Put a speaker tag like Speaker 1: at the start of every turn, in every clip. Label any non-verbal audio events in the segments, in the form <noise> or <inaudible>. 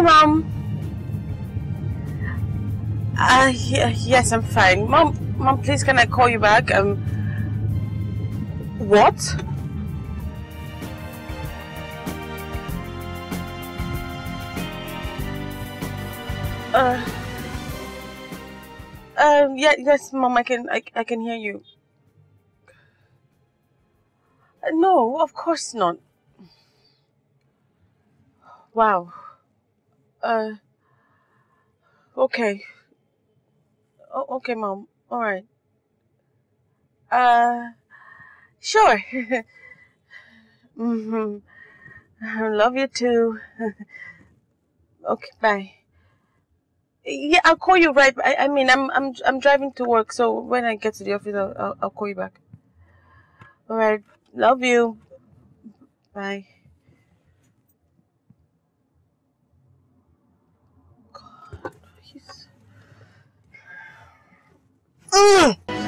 Speaker 1: Hey, Mom. Uh, yeah, yes, I'm fine. Mom, Mom, please can I call you back? Um, what? Uh, um, yeah, yes, Mom, I can, I, I can hear you. Uh, no, of course not. Wow. Uh, okay. Oh, okay, mom. All right. Uh, sure. <laughs> mm-hmm. I love you too. <laughs> okay, bye. Yeah, I'll call you right. I, I mean, I'm I'm I'm driving to work, so when I get to the office, I'll I'll, I'll call you back. All right. Love you. Bye.
Speaker 2: 嗯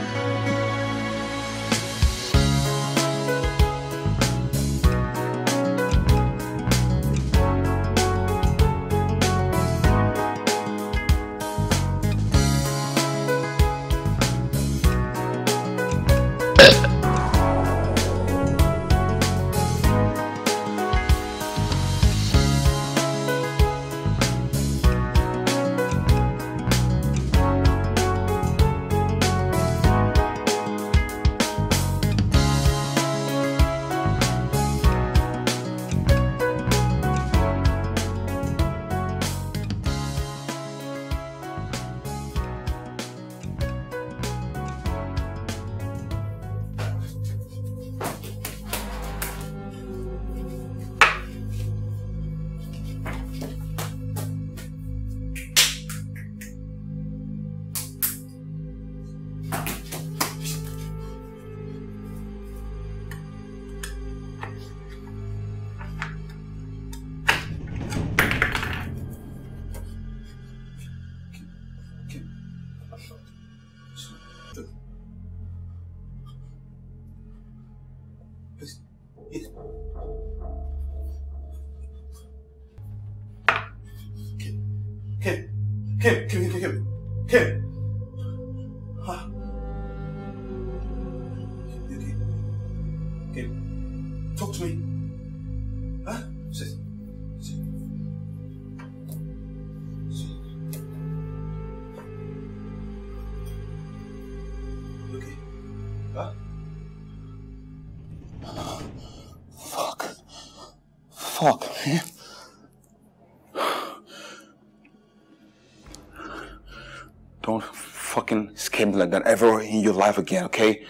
Speaker 3: Don't fucking scare me like that ever in your life again, okay?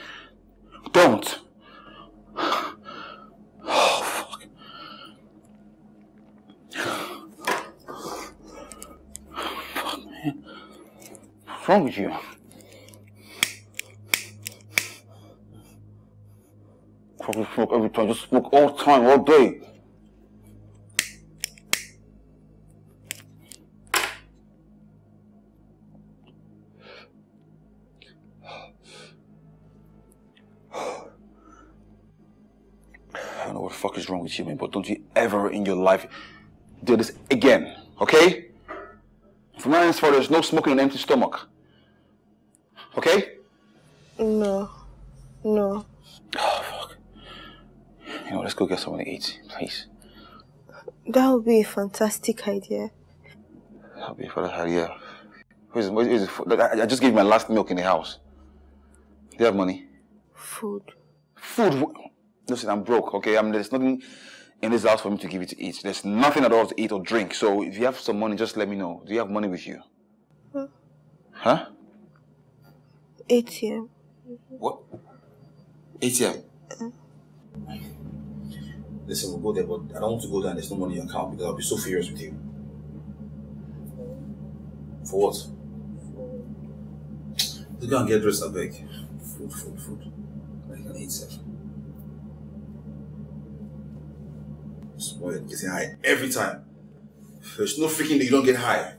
Speaker 3: Don't! <sighs> Oh, fuck. Fuck, man. What's wrong with you? Fucking smoke every time, just smoke all the time, all day. wrong with you, man, but don't you ever in your life do this again, okay? From now henceforth, there's no smoking an empty stomach. Okay?
Speaker 4: No. No.
Speaker 3: Oh, fuck. You know, let's go get something to eat, please.
Speaker 4: That would be a fantastic idea.
Speaker 3: That would be for fantastic idea. Where's, where's, I, I just gave my last milk in the house. Do you have money? Food. Food? listen, I'm broke, okay? I'm, there's nothing in this house for me to give you to eat. There's nothing at all to eat or drink. So if you have some money, just let me know. Do you have money with you? Huh? huh? ATM. What? ATM? Mm. Listen, we'll go there, but I don't want to go there and there's no money in your account because I'll be so furious with you. For what? Just go and get dressed, I beg. Food, food, food. I can eat, sir. when getting high every time. There's no freaking that you don't get high.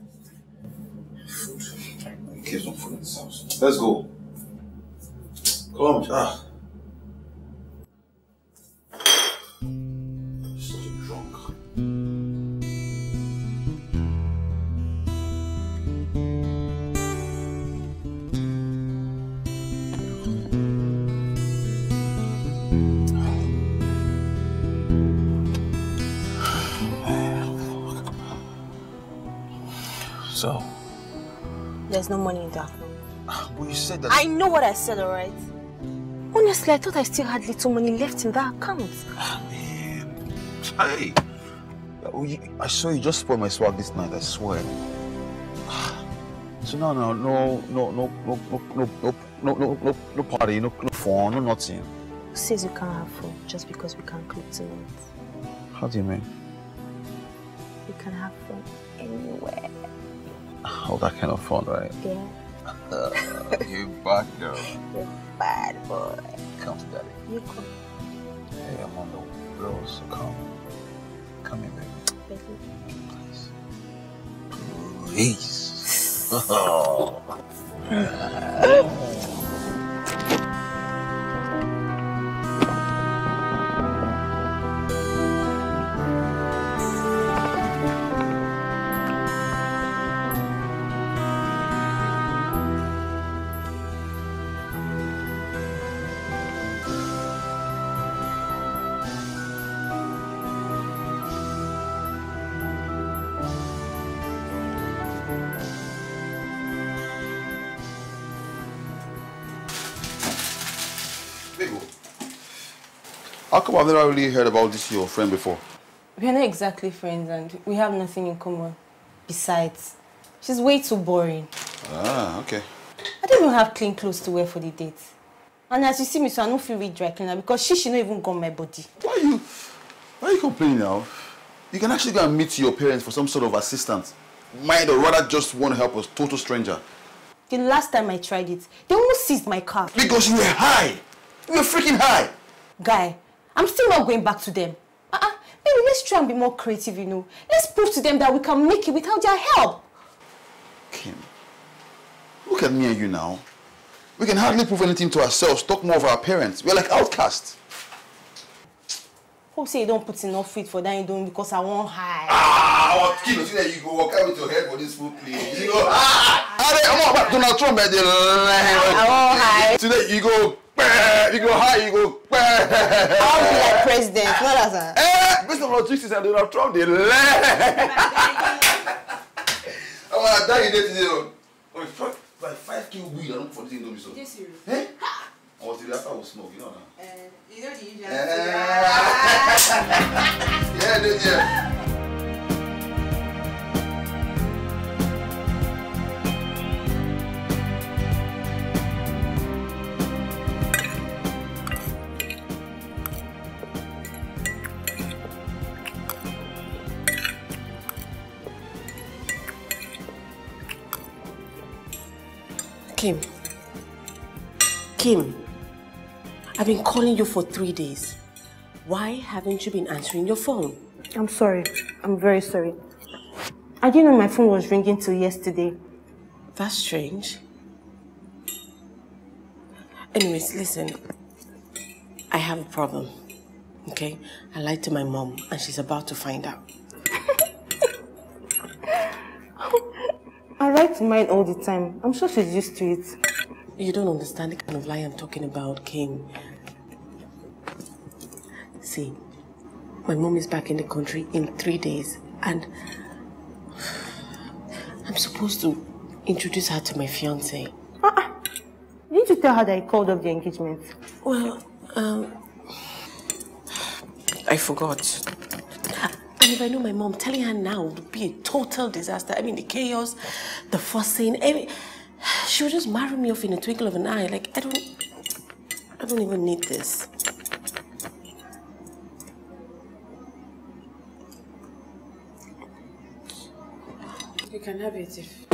Speaker 3: Food. I can get some food in this house. Let's go. Come. Ah.
Speaker 4: there's no money in the account.
Speaker 3: But you said that... I
Speaker 4: know what I said, alright? Honestly, I thought I still had little money left in that account. I
Speaker 3: mean, Hey! I saw you just spoil my swag this night, I swear. So no, no, no, no, no, no, no, no, no, no, no, no party, no, no phone, no nothing.
Speaker 4: Who says you can't have fun just because we can't click tonight? How do you mean? You can have fun anywhere.
Speaker 3: All oh, that kind of fun, right?
Speaker 4: Yeah. Uh, <laughs>
Speaker 3: you bad girl. You bad boy. Come to daddy. You come. Hey, I'm on the road, so come. Come here, baby. Baby. Please. Please. <laughs> oh. <laughs> How come I've never really heard about this your friend before?
Speaker 4: We're not exactly friends and we have nothing in common. Besides, she's way too boring.
Speaker 3: Ah, okay.
Speaker 4: I don't even have clean clothes to wear for the date. And as you see me, so I don't feel really dry cleaner because she should not even on my body. Why are you,
Speaker 3: why are you complaining now? You can actually go and meet your parents for some sort of assistance.
Speaker 4: Mind or rather
Speaker 3: just want to help a total stranger.
Speaker 4: The last time I tried it, they almost seized my car. Because you were high. You were freaking high. Guy, I'm still not going back to them. Uh-uh. Maybe let's try and be more creative, you know. Let's prove to them that we can make it without their help. Kim,
Speaker 3: look at me and you now. We can hardly prove anything to ourselves, talk more of our parents. We're like outcasts.
Speaker 4: Hope say you don't put enough feet for that you don't because I won't hide.
Speaker 3: Ah, what kid, see that you go walk out with your head for this food, please. You go, ah! I, I, I, I'm not about Donald Trump, but they... I won't hide. Today you go pẹ́ẹ́ you go high you go
Speaker 4: pẹ́ẹ́. I be like president not as a. ẹ based on logistics and Donald Trump dey learn. ọmọ àdá yìí dé ti dé o
Speaker 3: omi five by five kill weed. i don't for this indomie so. ọmọ ti rí after we smoke you know na. Eh, you know the eh. usual. <laughs> yeah dey there.
Speaker 1: Kim. Kim. I've been calling you for three days. Why haven't you been answering your phone? I'm sorry. I'm very sorry. I didn't know my phone was ringing till yesterday. That's strange. Anyways, listen. I have a problem. Okay? I lied to my mom and she's about to find out. <laughs> I write mine all the time. I'm sure she's used to it. You don't understand the kind of lie I'm talking about, King. See, my mom is back in the country in three days and I'm supposed to introduce her to my fiance. Uh
Speaker 4: ah, -uh. Ah. Didn't you tell her that I called off the engagement? Well, um, I forgot. And if I know my mom,
Speaker 1: telling her now would be a total disaster. I mean, the chaos, the fussing, every, she would just marry me off in a twinkle of an eye. Like, I don't, I don't even need this. You can have it if...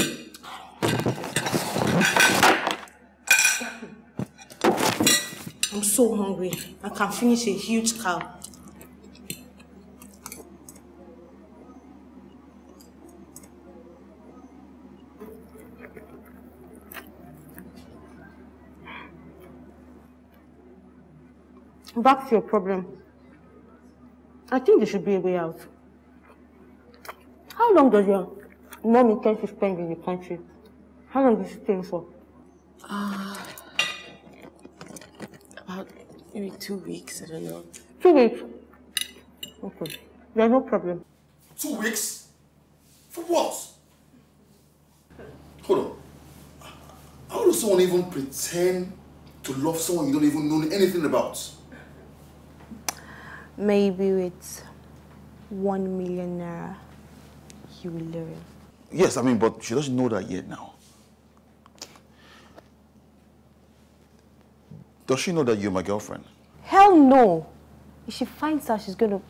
Speaker 4: I'm so hungry. I can finish a huge cow. back to your problem. I think there should be a way out. How long does your mom intend to spend in the country? How long is she staying for? Uh, about maybe
Speaker 1: two weeks, I don't know. Two weeks? Okay. There's no problem.
Speaker 4: Two weeks? For what?
Speaker 3: Hold on. How does someone even pretend to love someone you don't even know anything about?
Speaker 4: maybe with one million naira, you will learn.
Speaker 3: Yes, I mean, but she doesn't know that yet now. Does she know that you're my girlfriend?
Speaker 4: Hell no! If she finds out, she's going to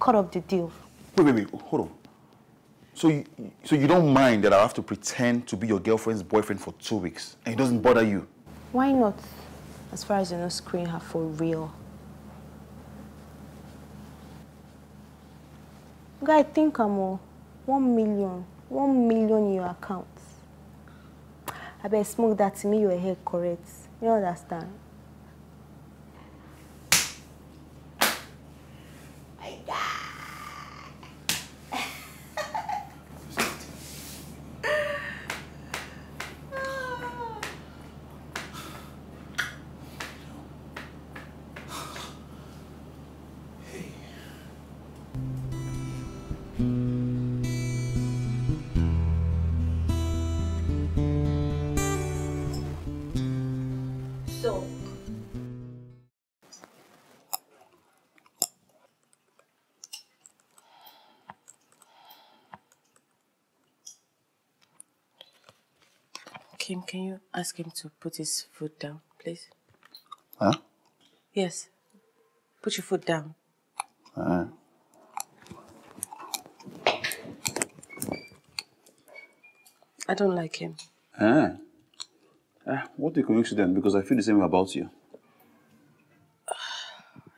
Speaker 4: cut off the deal.
Speaker 3: Wait, wait, wait, hold on. So you, so you don't mind that I have to pretend to be your girlfriend's boyfriend for two weeks and it doesn't bother you?
Speaker 4: Why not? As far as you know, screening her for real. Guy, think I'm all. One million. One million in your account. I better smoke that to me your head correct. You understand?
Speaker 1: can you ask him to put his foot down, please? Huh? Yes. Put your foot down. I don't like him.
Speaker 3: Ah. ah what a then? because I feel the same about you.
Speaker 1: <sighs>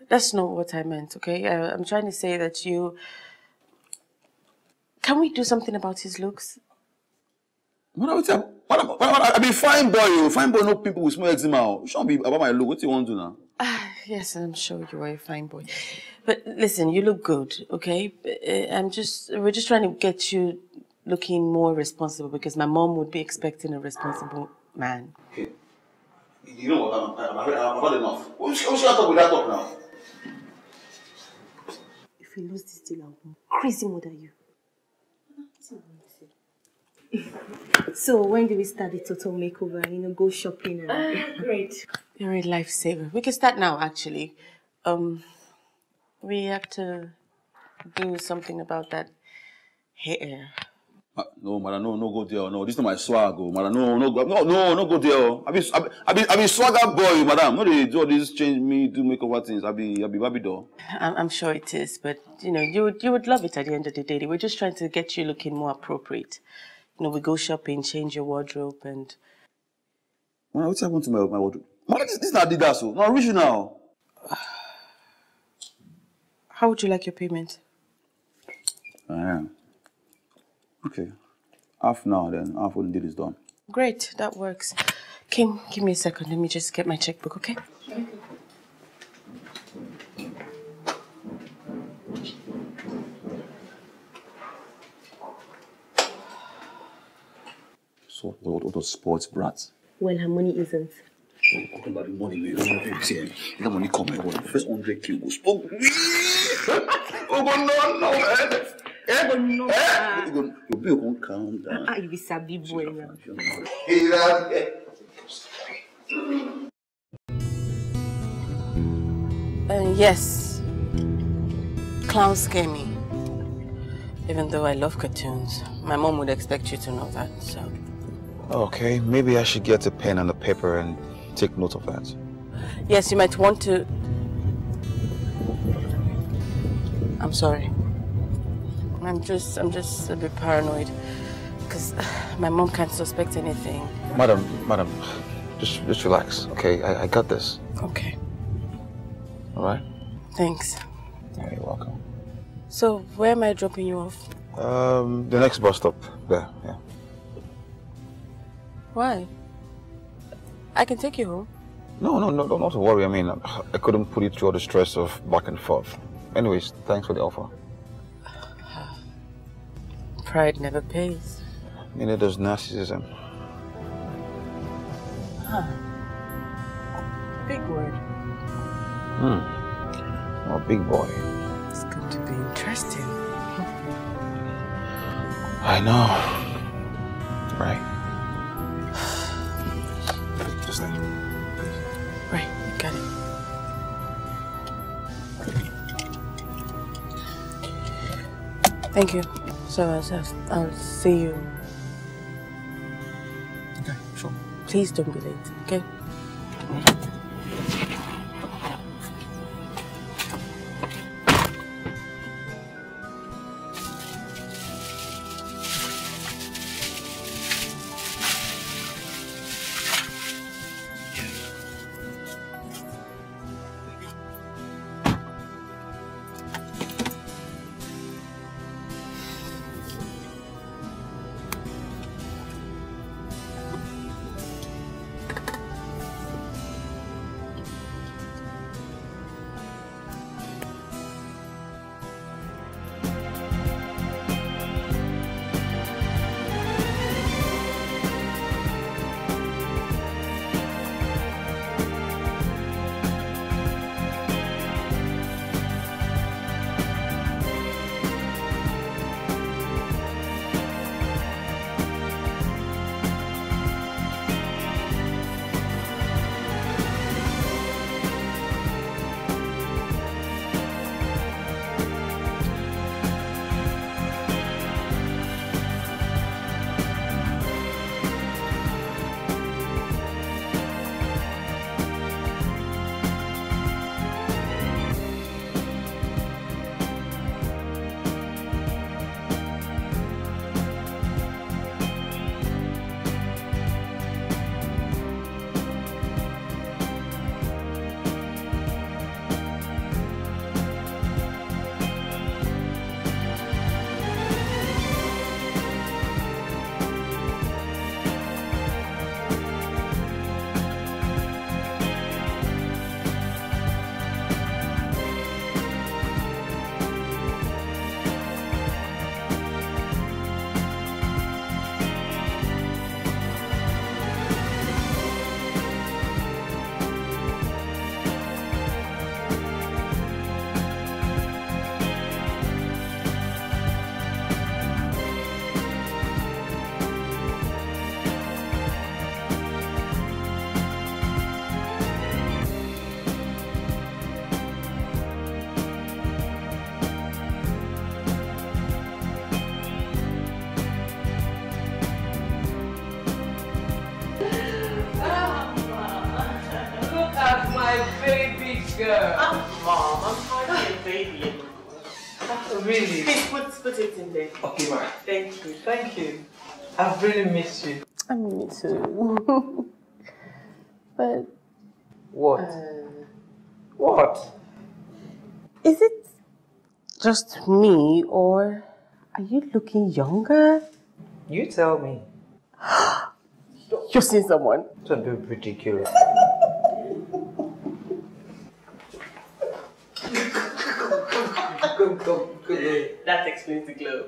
Speaker 1: That's not what I meant, okay? I, I'm trying to say that you... Can we do something about his looks?
Speaker 3: What talking? What about, what about, I be fine boy, you oh, fine boy, no people with small eczema. Oh. You shouldn't be about my look. What do you want to do now?
Speaker 1: Uh, yes, I'm sure you are a fine boy. But listen, you look good, okay? Eh, I'm just, we're just trying to get you looking more responsible because my mom would be expecting a responsible
Speaker 3: man. Okay. You know what? I'm, I'm, I'm, I'm enough. What's talk with that talk now?
Speaker 4: If you lose this deal, I'll crazy more than you so when do we start the total makeover? You know, go shopping and ah, great. You're a lifesaver. We can start now actually.
Speaker 1: Um we have to do something about that
Speaker 5: hair.
Speaker 3: Uh, no, madam, no, no go there. Oh, no, this is not my swag, oh, madam. No, no, no, no, no go there. Oh. I be, I be, I be, I be swagger boy, madam. No, they do all these change me, do makeover things. I be, I be baby doll.
Speaker 1: I'm, I'm sure it is, but you know, you would, you would love it at the end of the day. We're just trying to get you looking more appropriate you know, we go shopping, change your wardrobe, and.
Speaker 3: When well, what's happened to my, my wardrobe? Man, this, this is not Adidas, so oh. not original.
Speaker 1: How would you like your payment?
Speaker 3: Ah, okay. Half now, then. Half when the deal is done.
Speaker 1: Great, that works. Kim, give me a second. Let me just get my checkbook, okay? okay.
Speaker 3: what, what, what sports brats?
Speaker 4: Well, her money isn't.
Speaker 3: i talking about the money we have That money come, first 100k go spoke.
Speaker 4: Oh, but no, no, Eh? Oh, no,
Speaker 1: Uh, yes, clowns scare me. Even though I love cartoons, my mom would expect you to know that, so.
Speaker 3: Okay, maybe I should get a pen and a paper and take note of that.
Speaker 1: Yes, you might want to... I'm sorry. I'm just, I'm just a bit paranoid because <sighs> my mom can't suspect anything.
Speaker 3: Madam, madam, just, just relax, okay? I, I got this. Okay. All right? Thanks. Yeah, you're welcome.
Speaker 1: So, where am I dropping you off?
Speaker 3: Um, the next bus stop. There, yeah.
Speaker 1: Why? I can take you home.
Speaker 3: No, no, no, do not worry. I mean, I couldn't put you through all the stress of back and forth. Anyways, thanks for the offer.
Speaker 1: <sighs> Pride never pays.
Speaker 3: Neither does narcissism.
Speaker 1: Huh. Big word.
Speaker 3: Hmm. Well, big boy.
Speaker 1: It's going to be interesting.
Speaker 3: I know. Right goes there.
Speaker 1: Right, got it. Thank you. So I'll, I'll see you. Okay, sure. Please don't be late, okay? but
Speaker 5: what? Uh, what?
Speaker 1: Is it just me, or are
Speaker 4: you looking younger?
Speaker 5: You tell me. <gasps> You've seen someone. Don't be ridiculous. That explains the glow.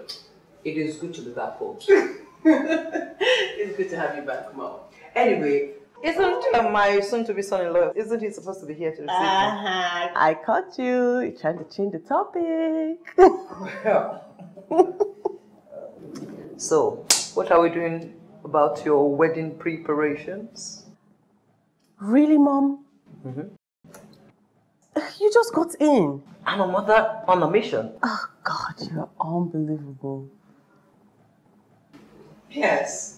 Speaker 5: It is good to be back home. <laughs> it's good to have you back, Mom. Anyway, isn't uh, my soon-to-be son-in-law, isn't he supposed to be here to receive uh-huh. me?
Speaker 1: I caught you. You're trying to change the topic. well.
Speaker 5: <laughs> so, what are we doing about your wedding preparations?
Speaker 1: Really, Mom?
Speaker 5: Mm-hmm.
Speaker 1: You just got in.
Speaker 5: I'm a mother on a mission. Oh,
Speaker 1: God, you're unbelievable.
Speaker 5: Yes.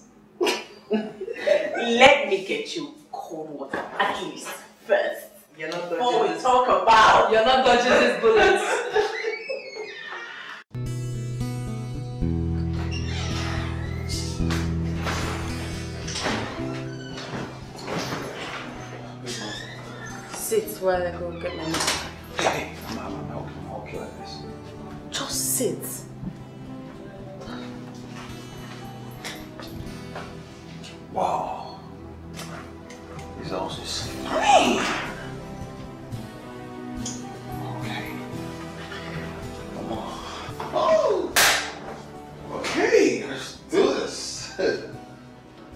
Speaker 5: <laughs>
Speaker 1: Let me get you cold water, at least first. You're not dodging Before we talk about. You're not dodging these bullets. sit while I go get my
Speaker 3: Hey, I'm, I'm, I'm, okay like this.
Speaker 1: Just sit.
Speaker 3: Wow. These also spring. Okay. Come on. Oh!
Speaker 1: Okay, let's do this.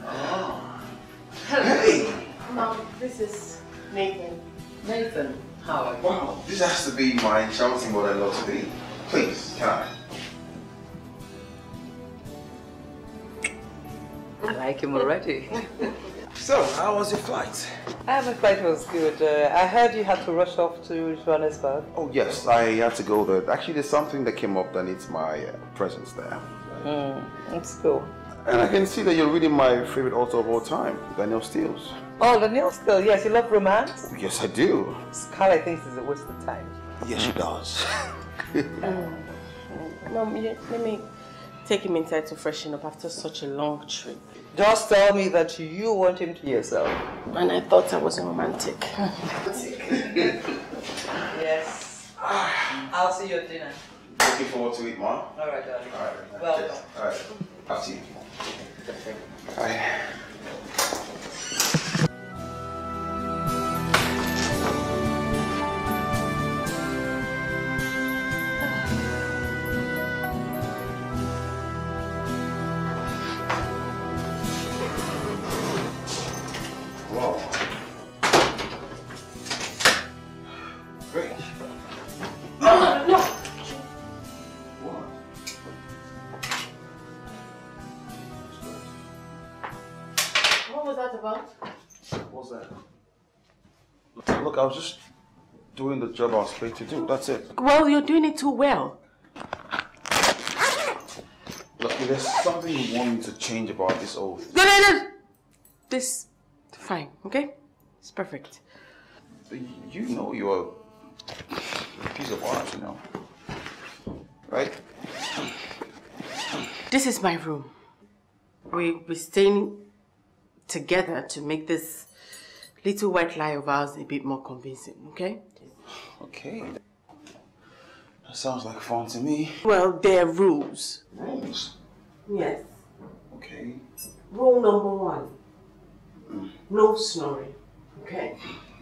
Speaker 1: Oh. Hey! Mom, this is Nathan. Nathan
Speaker 3: Howard. Wow, this has to be my enchanting what I love to be. Please, can I?
Speaker 5: like him already. <laughs> so, how was your flight? Ah, my flight was good. Uh, I heard you had to rush off to Johannesburg. Oh, yes, I
Speaker 3: had to go there. Actually, there's something that came up that needs my uh, presence
Speaker 5: there. Mm, it's cool. And I can
Speaker 3: see that you're reading my favorite author of all time, Daniel Steeles.
Speaker 5: Oh, Daniel Steele, yes, you love romance?
Speaker 3: Yes, I do.
Speaker 5: Scarlett thinks it's a waste of time. Yes, she does. um, <laughs> <laughs> mm. no, mm. let me
Speaker 1: take him inside to freshen up after such a long trip. Just tell me that you want him to yourself. And I thought I was romantic. <laughs>
Speaker 5: yes. <sighs> I'll see you at dinner. Looking
Speaker 3: forward to it, Ma. All right, darling. All right. Welcome. All right. After you. Bye. job I was paid to do. That's it.
Speaker 1: Well, you're doing it too well.
Speaker 3: Look, there's something you want me to change about this oath.
Speaker 1: No, no, no! This... Fine, okay? It's perfect.
Speaker 3: You know you're a piece of art, you know. Right?
Speaker 1: This is my room. We, we're staying together to make this little white lie of ours a bit more convincing, okay?
Speaker 3: Okay. That sounds like fun to me. Well, there are rules. Rules? Yes. Okay. Rule number one.
Speaker 1: No snoring. Okay?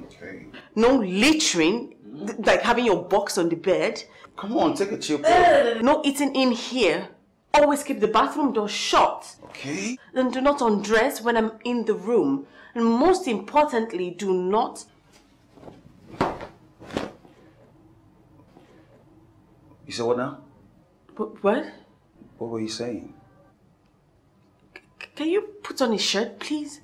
Speaker 1: Okay. No littering, mm. like having your box on the bed. Come on, take a chill pill. no eating in here. Always keep the bathroom door shut. Okay. And do not undress when I'm in the room. And most importantly, do not You said what now? What?
Speaker 3: What were you saying?
Speaker 1: can you put on his shirt, please?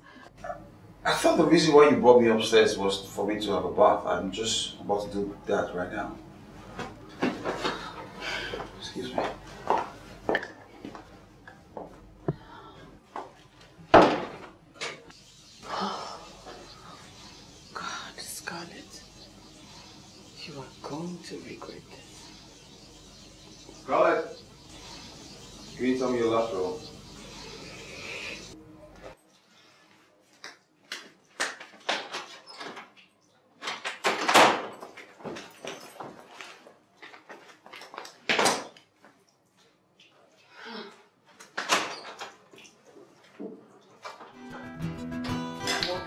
Speaker 3: I thought the reason why you brought me upstairs was for me to have a bath. I'm just about to do that right now. Excuse me. show your lateral.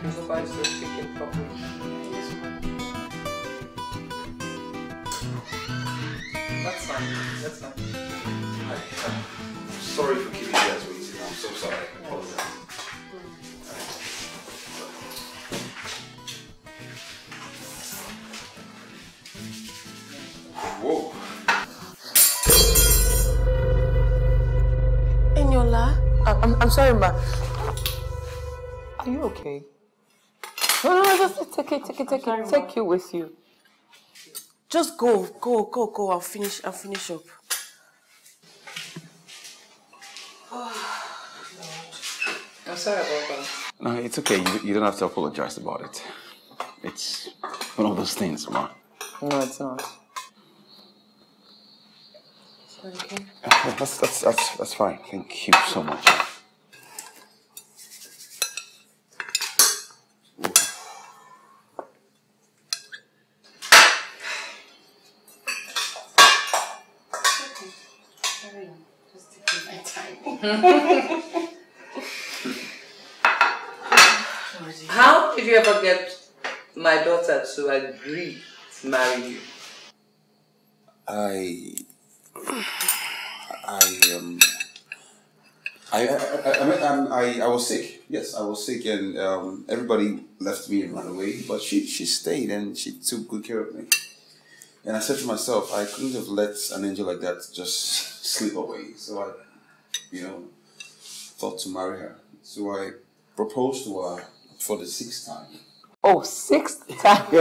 Speaker 5: otherwise the chicken properly. That's fine, that's fine
Speaker 3: sorry for keeping you guys waiting. I'm so sorry. I apologize.
Speaker 5: Whoa. Enyola? I'm, I'm sorry, ma. Are you okay? No, no, no, just take it, take it, take it, take you with you.
Speaker 1: Just go, go, go, go. I'll finish, I'll finish up.
Speaker 3: sorry about that. No, it's okay. You, you don't have to apologize about it. It's one of those things, Ma.
Speaker 5: No, it's not. Okay. <laughs> That's, that's, that's,
Speaker 3: that's fine. Thank you so much.
Speaker 5: to agree to marry you?
Speaker 3: I. I um. I I, I, um, I, I, was sick. Yes, I was sick, and um, everybody left me and ran away. But she, she stayed and she took good care of me. And I said to myself, I couldn't have let an angel like that just slip away. So I, you know, thought to marry her. So I proposed to her for the sixth time. Oh, sixth time. <laughs> <laughs>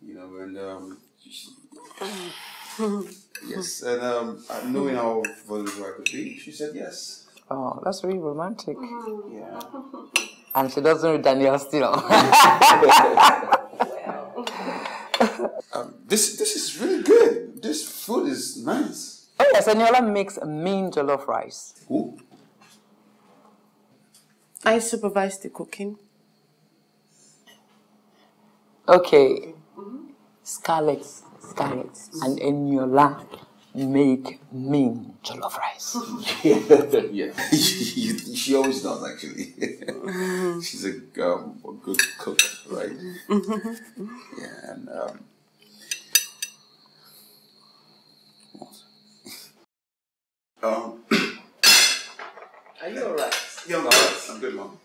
Speaker 3: you know, and um, <laughs> yes, and um, knowing how vulnerable I could be, she said yes.
Speaker 5: Oh, that's really romantic. Yeah. And she doesn't know Daniel still. um, this this is really good. This food is nice. Oh yes, Daniela makes mean jollof rice. Who?
Speaker 1: I supervise the cooking.
Speaker 5: Okay. Mm-hmm. Scarlet, Scarlet, and Eniola make mean jollof rice.
Speaker 3: <laughs> <laughs> yeah. <laughs> she always does, actually. Mm-hmm. She's a, um, a, good cook, right?
Speaker 2: Mm-hmm.
Speaker 3: yeah, and. Um, um, Are you alright? Yeah, I'm alright. I'm good, mom.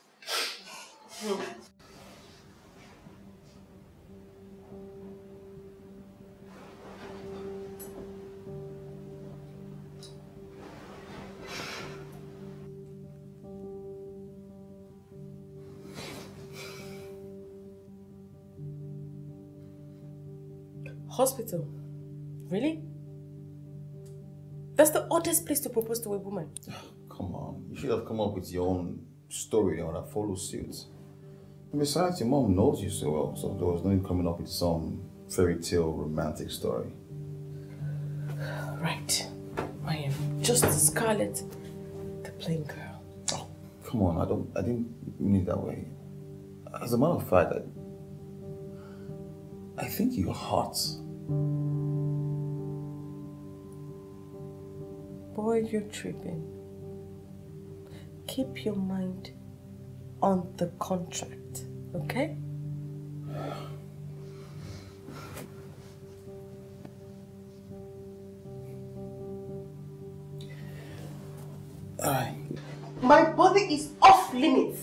Speaker 3: Hmm.
Speaker 1: hospital. Really? That's the oddest place to propose to
Speaker 4: a woman. <sighs>
Speaker 3: come on. You should have come up with your own story and I follow suit. besides, your mom knows you so well, so there was no coming up with some fairy tale romantic story.
Speaker 1: <sighs> Right. I am just Scarlet, the plain girl.
Speaker 3: Oh, come on. I don't. I didn't mean it that way. As a matter of fact, I, I think you're hot.
Speaker 1: Boy, you're tripping. Keep your mind on the contract, okay?
Speaker 4: My body is off limits.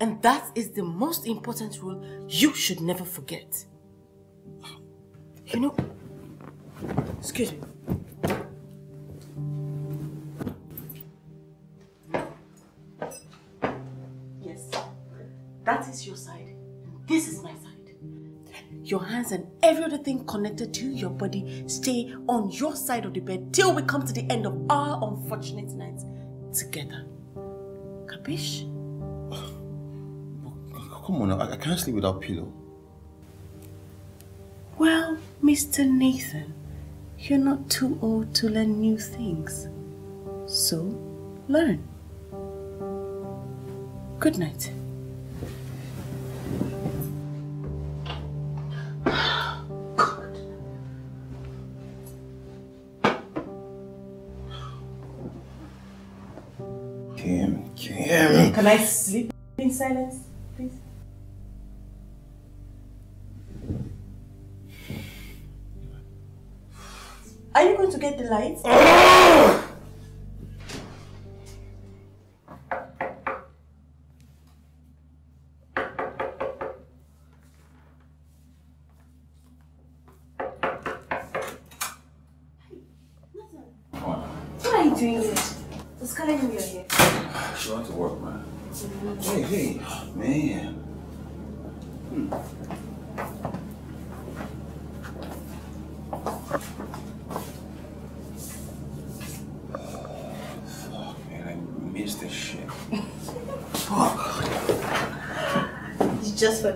Speaker 1: And that is the most important rule you should never forget. You know, excuse me. Yes, that is your side, and this is my side. Your hands and every other thing connected to your body stay on your side of the bed till we come to the end of our unfortunate nights together. Capish? <sighs>
Speaker 3: Come on, I can't sleep without pillow.
Speaker 1: Well, Mr. Nathan, you're not too old to learn new things. So, learn. Good night.
Speaker 2: Kim, Kim. Can I sleep
Speaker 1: in silence, please? forget the lights. <laughs>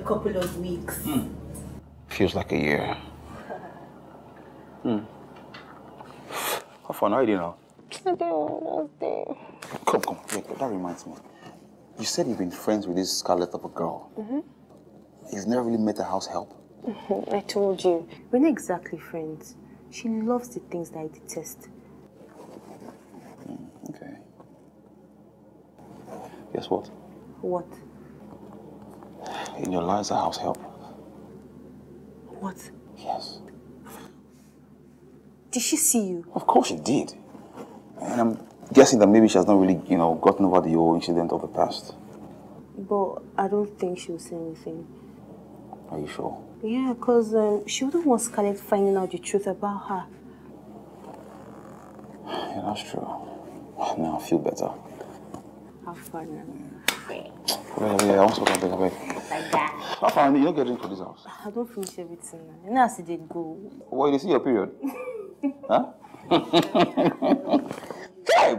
Speaker 4: couple of weeks. Mm.
Speaker 3: Feels like a year. Hmm. How fun, are you doing now? Come, come, that reminds me. You said you've been friends with this Scarlet of a girl. Mm -hmm. You've never really met a house help.
Speaker 4: Mm-hmm. I told you, we're not exactly friends. She loves the things that I detest. Mm, okay. Guess what? What?
Speaker 3: in your Liza house help.
Speaker 4: What? Yes. Did she see you? Of course she did.
Speaker 3: And I'm guessing that maybe she has not really, you know, gotten over the whole incident of the past.
Speaker 4: But I don't think she'll say anything. Are you sure? Yeah, because um, she wouldn't want Scarlett finding out the truth about her.
Speaker 3: Yeah, that's true. Now I feel better.
Speaker 4: Have fun.
Speaker 3: Yeah, yeah, I want something talk about
Speaker 4: Like that.
Speaker 3: How far you don't get into this house?
Speaker 4: I don't finish everything. You know, I see they go.
Speaker 3: Well, you see your period? huh?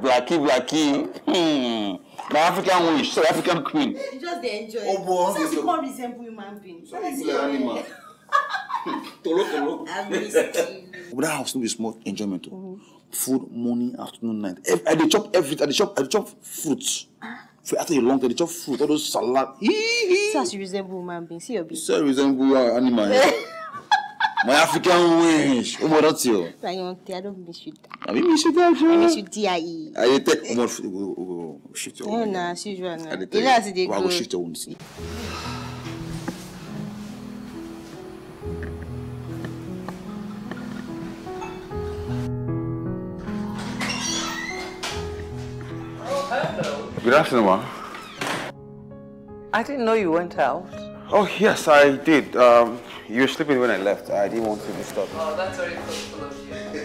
Speaker 3: Blacky, blacky, Hmm. The African wish, so African queen.
Speaker 4: You just they enjoy. Oh, boy. Since you can't resemble human being. So is an animal.
Speaker 3: <laughs> Tolo, tolo. I'm That house no be small enjoyment. Mm -hmm. Food, morning, afternoon, night. I, I they chop everything. I they chop. I they chop fruits. Ah fruit after you long time, they chop fruit, all those salad.
Speaker 4: See as you resemble human being. See your being.
Speaker 3: So I resemble uh, animal.
Speaker 4: <laughs>
Speaker 3: My African wish. Oh, my, that's oh. you.
Speaker 4: I don't miss you. I mean, miss you, that you. I miss you, D.I.E.
Speaker 3: I e. take more. Oh, oh, shift eh. your own.
Speaker 4: No, no, as usual. I take. You know, as they go. I go shift your own.
Speaker 3: Good afternoon, ma.
Speaker 5: I didn't know you went out.
Speaker 3: Oh, yes, I did. Um, you were sleeping when I left. I didn't want
Speaker 5: to disturb you. Oh, that's very thoughtful of you.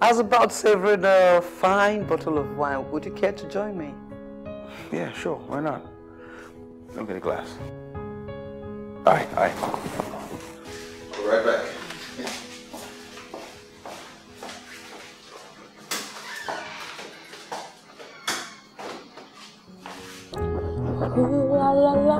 Speaker 5: I was about savoring a fine bottle of wine. Would you care to join me? Yeah, sure. Why not?
Speaker 3: I'll get a glass. All right, I'll be right back.
Speaker 4: la la la.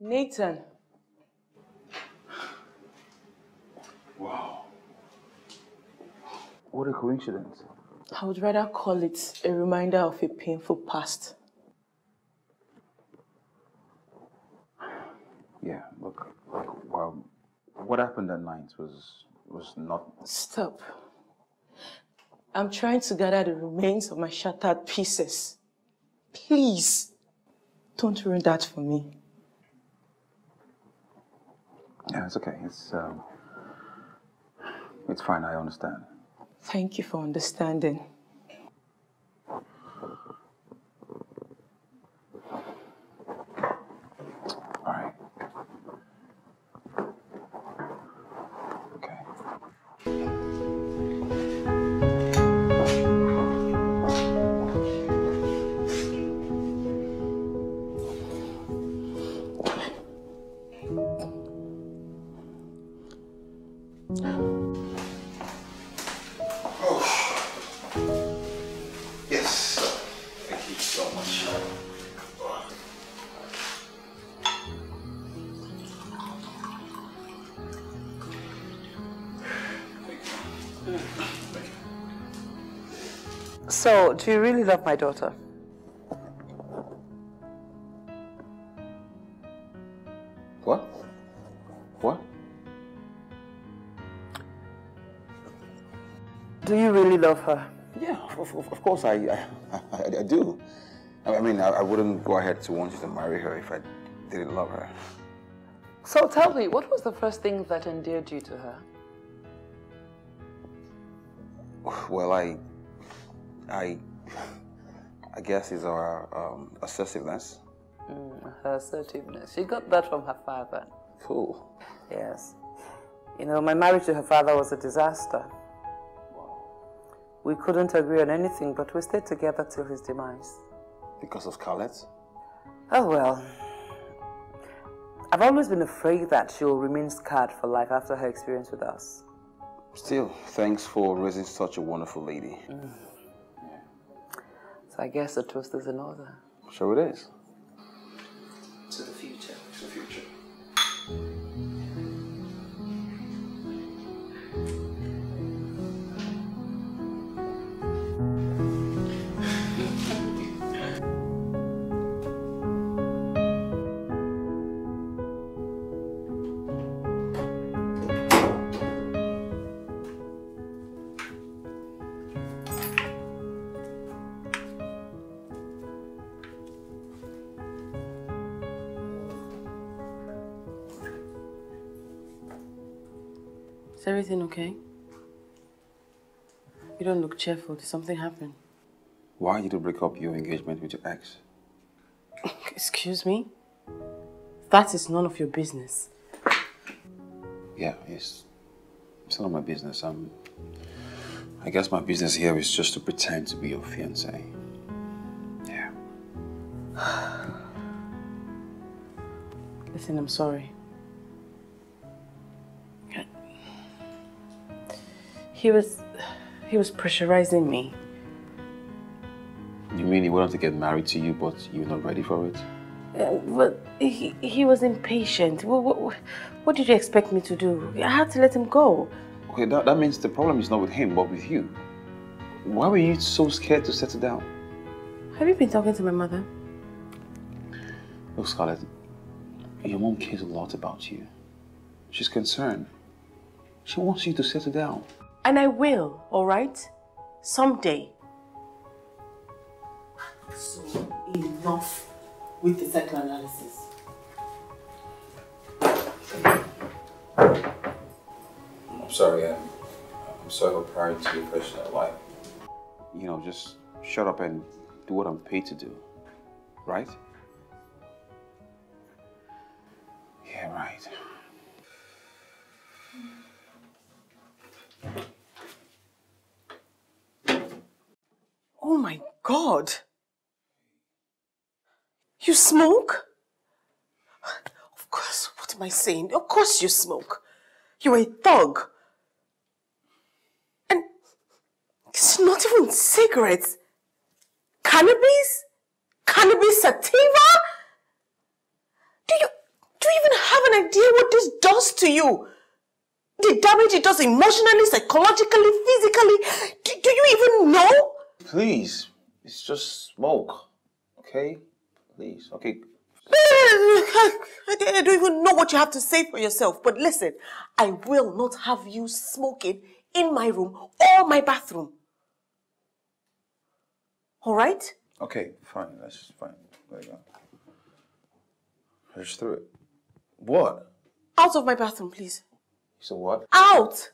Speaker 1: Nathan.
Speaker 3: Wow. What a coincidence.
Speaker 1: I would rather call it a reminder of a painful past.
Speaker 3: Yeah, look, look well, what happened that night was was not...
Speaker 1: Stop. I'm trying to gather the remains of my shattered pieces. Please, don't ruin that for me.
Speaker 3: Yeah, it's okay. It's, um, it's fine. I understand.
Speaker 5: Thank you for understanding. So, do you really love my daughter?
Speaker 3: What? What? Do you really love
Speaker 5: her? Yeah,
Speaker 3: of, of, of course I, I, I, I, do. I mean, I, I wouldn't go ahead to want you to marry her if I didn't love her.
Speaker 5: So tell me, what was the first thing that endeared you to her?
Speaker 3: Well, I I, I guess is our um, assertiveness.
Speaker 5: Mm, her assertiveness. She got that from her father. Cool. Yes. You know, my marriage to her father was a disaster. We couldn't agree on anything, but we stayed together till his demise. Because of Scarlett? Oh, well. I've always been afraid that she'll remain scarred for life after her experience with us.
Speaker 3: Still, thanks for raising such a wonderful lady.
Speaker 5: Mm. So I guess the toast is another.
Speaker 3: Sure it is.
Speaker 1: okay? You don't look cheerful. Did something happen?
Speaker 3: Why did you break up your engagement with your ex?
Speaker 1: <laughs> Excuse me? That is none of your business.
Speaker 3: Yeah, it's, it's none of my business. I'm, I guess my business here is just to pretend to be your fiancé. Yeah. <sighs>
Speaker 1: Listen, I'm sorry. He was, he was pressurizing me.
Speaker 3: You mean he wanted to get married to you, but you're not ready for it?
Speaker 1: Uh, well, he, he was impatient. What, what, what, did you expect me to do? I had to let him go.
Speaker 3: Okay, that, that means the problem is not with him, but with you. Why were you so scared to settle down?
Speaker 1: Have you been talking to my mother?
Speaker 3: Look, Scarlett, your mom cares a lot about you. She's concerned. She wants you to settle down.
Speaker 1: And I will, all right? Someday. So, enough with the psychoanalysis.
Speaker 3: I'm sorry, I'm, I'm so overpowered to your personal life. You know, just shut up and do what I'm paid to do, right? Yeah, right. Oh my God!
Speaker 1: You smoke? Of course, what am I saying? Of course you smoke. You're a thug. And it's not even cigarettes. Cannabis? Cannabis sativa? Do you, do you even have an idea what this does to you? The damage it does emotionally,
Speaker 4: psychologically, physically. Do, do you even know?
Speaker 3: Please, it's just smoke, okay? Please, okay.
Speaker 4: <laughs> I, don't
Speaker 1: even know what you have to say for yourself, but listen, I will not have you smoking in my room or my bathroom. All right?
Speaker 3: Okay, fine. That's fine. There you go. Push through it. What?
Speaker 1: Out of my bathroom, please. So what? Out!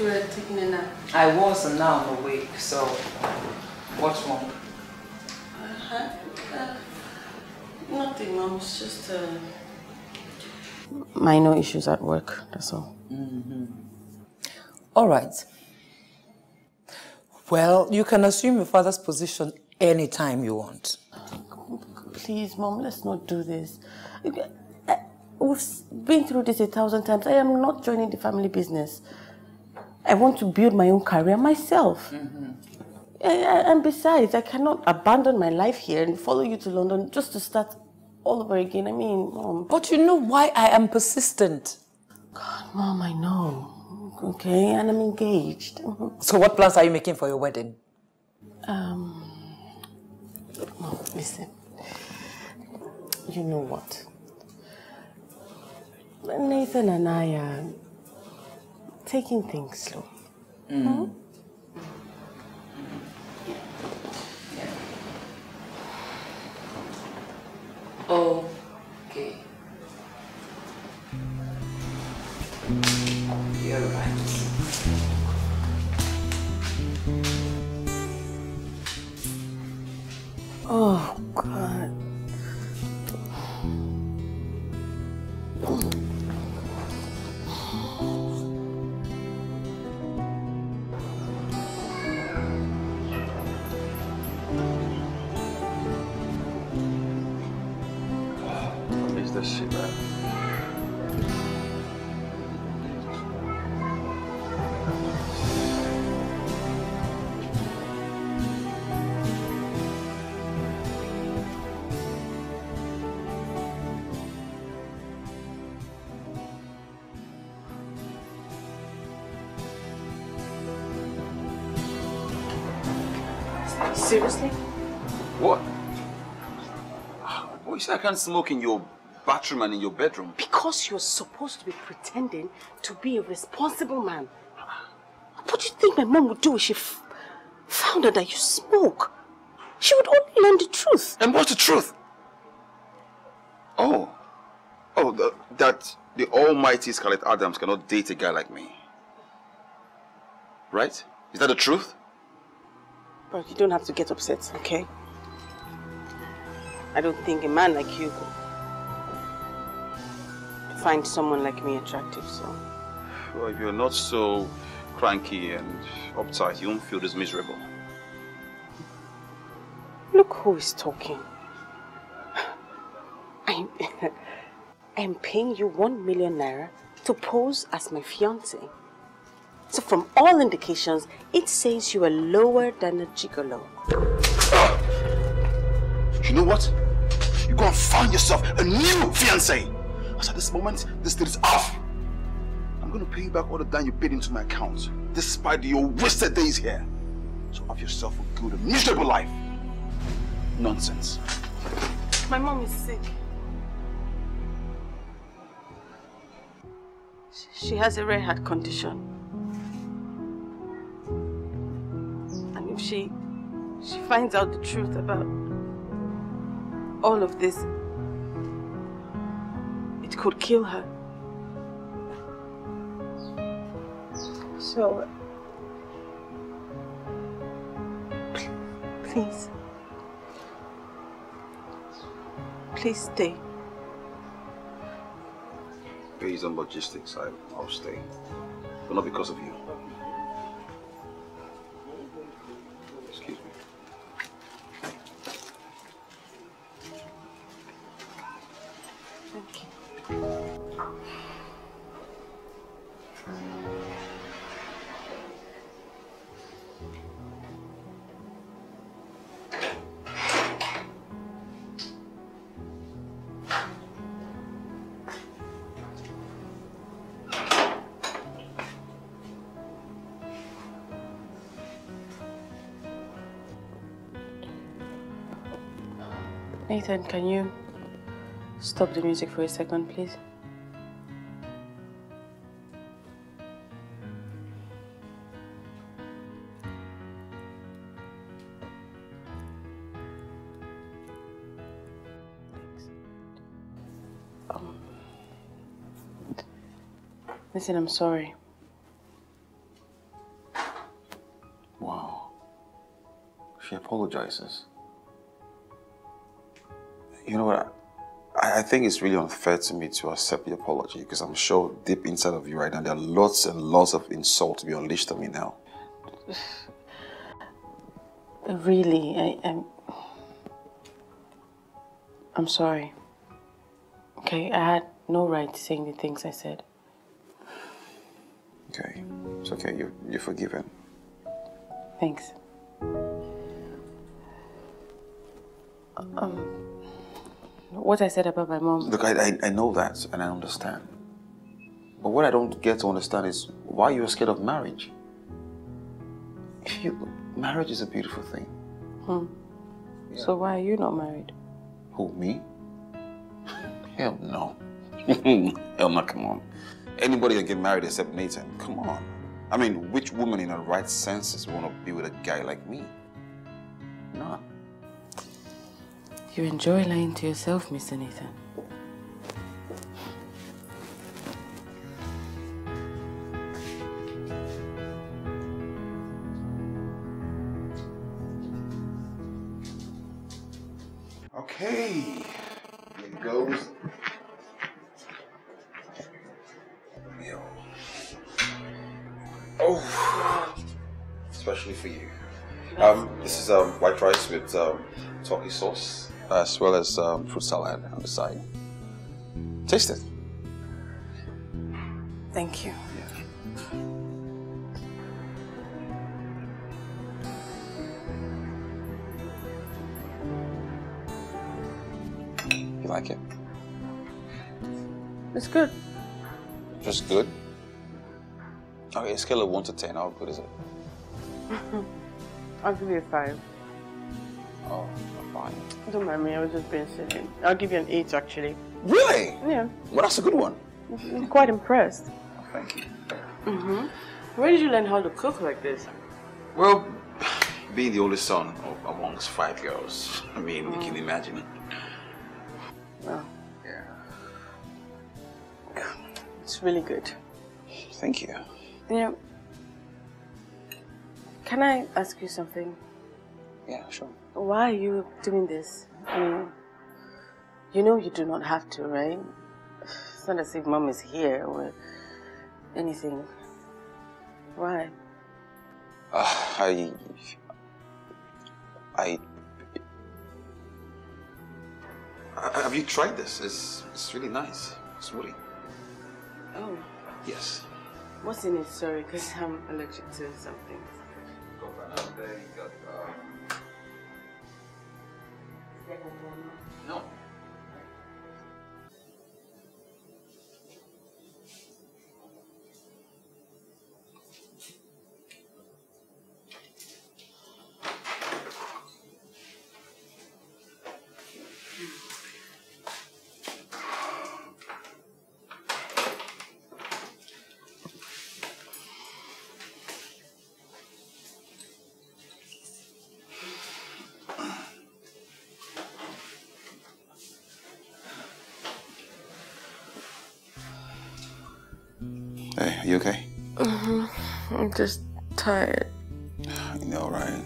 Speaker 1: you were taking a nap?
Speaker 5: I was and now I'm awake, so what's wrong? Uh,
Speaker 1: uh, nothing, Mom. It's just uh... minor issues at work, that's all.
Speaker 5: Mm -hmm. All right. Well, you can assume your father's position anytime you want.
Speaker 1: Please, Mom, let's not do this. We've been through this a thousand times. I am not joining the family business. I want to build my own career myself. Mm-hmm. And besides, I cannot abandon my life here and follow you to London just to start all over again. I mean, mom. Um, but you know why I am persistent. God, mom, I know. Okay, and I'm
Speaker 5: engaged. <laughs> so, what plans are you making for your wedding?
Speaker 1: Um, mom, listen. You know what? Nathan and I are. Uh, taking things slow.
Speaker 5: Mm. Huh? Okay. You're right.
Speaker 2: Oh, God.
Speaker 3: can't smoke in your bathroom and in your bedroom?
Speaker 1: Because you're supposed to be pretending to be a responsible man. What do you think my mom would do if she found out that you smoke? She would only learn the truth.
Speaker 3: And what's the truth? Oh. Oh, the, that the almighty Scarlett Adams cannot date a guy like me. Right? Is that the truth?
Speaker 1: But you don't have to get upset, okay? I don't think a man like you could find someone like me attractive, so.
Speaker 3: Well, you're not so cranky and uptight, you do not feel this miserable.
Speaker 1: Look who is talking. <laughs> I'm, <laughs> I'm paying you one million naira to pose as my fiance. So from all indications, it says you are lower than a gigolo.
Speaker 3: You know what? You go and find yourself a new fiancé. As at this moment, this deal is off. I'm going to pay you back all the time you paid into my account, despite your wasted days here. So have yourself a good and miserable life. Nonsense.
Speaker 1: My mom is sick. She has a rare heart condition. And if she, she finds out the truth about all of this, it could kill her. So, please, please stay.
Speaker 3: Based on logistics, I, I'll stay. But not because of you.
Speaker 1: Nathan, can you stop the music for a second, please? Um, listen, I'm sorry.
Speaker 3: Wow. She apologizes. You know what? I, I think it's really unfair to me to accept the apology because I'm sure deep inside of you right now, there are lots and lots of insults to be unleashed on me now.
Speaker 1: <sighs> Really, I, am I'm, I'm sorry. Okay, I had no right to saying the things I said.
Speaker 3: Okay, it's okay. You're, you're forgiven.
Speaker 1: Thanks. Um. What I said about my mom.
Speaker 3: Look, I, I, I know that and I understand. But what I don't get to understand is why you're scared of marriage. If you, marriage is a beautiful thing.
Speaker 1: Hmm. Yeah. So why are you not married?
Speaker 3: Who, me? <laughs> Hell no. <laughs> Hell no, come on. Anybody can get married except Nathan. Come on. I mean, which woman in her right senses want to be with a guy like me? None.
Speaker 1: You enjoy lying to yourself, Mr. Nathan.
Speaker 3: Okay, it goes. Oh, especially for you. Um, this is um white rice with um, turkey sauce as well as um, fruit salad on the side. Taste it.
Speaker 1: Thank you. Yeah.
Speaker 5: You like it?
Speaker 1: It's good.
Speaker 3: Just good? Okay, oh, scale of 1 to 10, how good is it?
Speaker 1: <laughs> I'll give you a 5. Oh. Don't mind me, I was just being silly. I'll give you an 8 actually.
Speaker 3: Really? Yeah. Well, that's a
Speaker 1: good one. I'm quite impressed. thank you. Mm-hmm. Where did you learn how to cook like this?
Speaker 3: Well, being the oldest son of, amongst five girls, I mean, mm. you can imagine. Well.
Speaker 1: Yeah. it's really good. Thank you. Yeah. can I ask you something? Yeah, sure. Why are you doing this? I mean, you know you do not have to, right? It's not as if mom is here or anything. Why?
Speaker 3: Uh, I... I... Have you tried this? It's, it's really nice. Smoothie.
Speaker 1: Oh. Yes. What's in it? Sorry, because I'm allergic to
Speaker 3: something. No. You okay?
Speaker 1: Mm-hmm. I'm just
Speaker 3: tired. I know, right?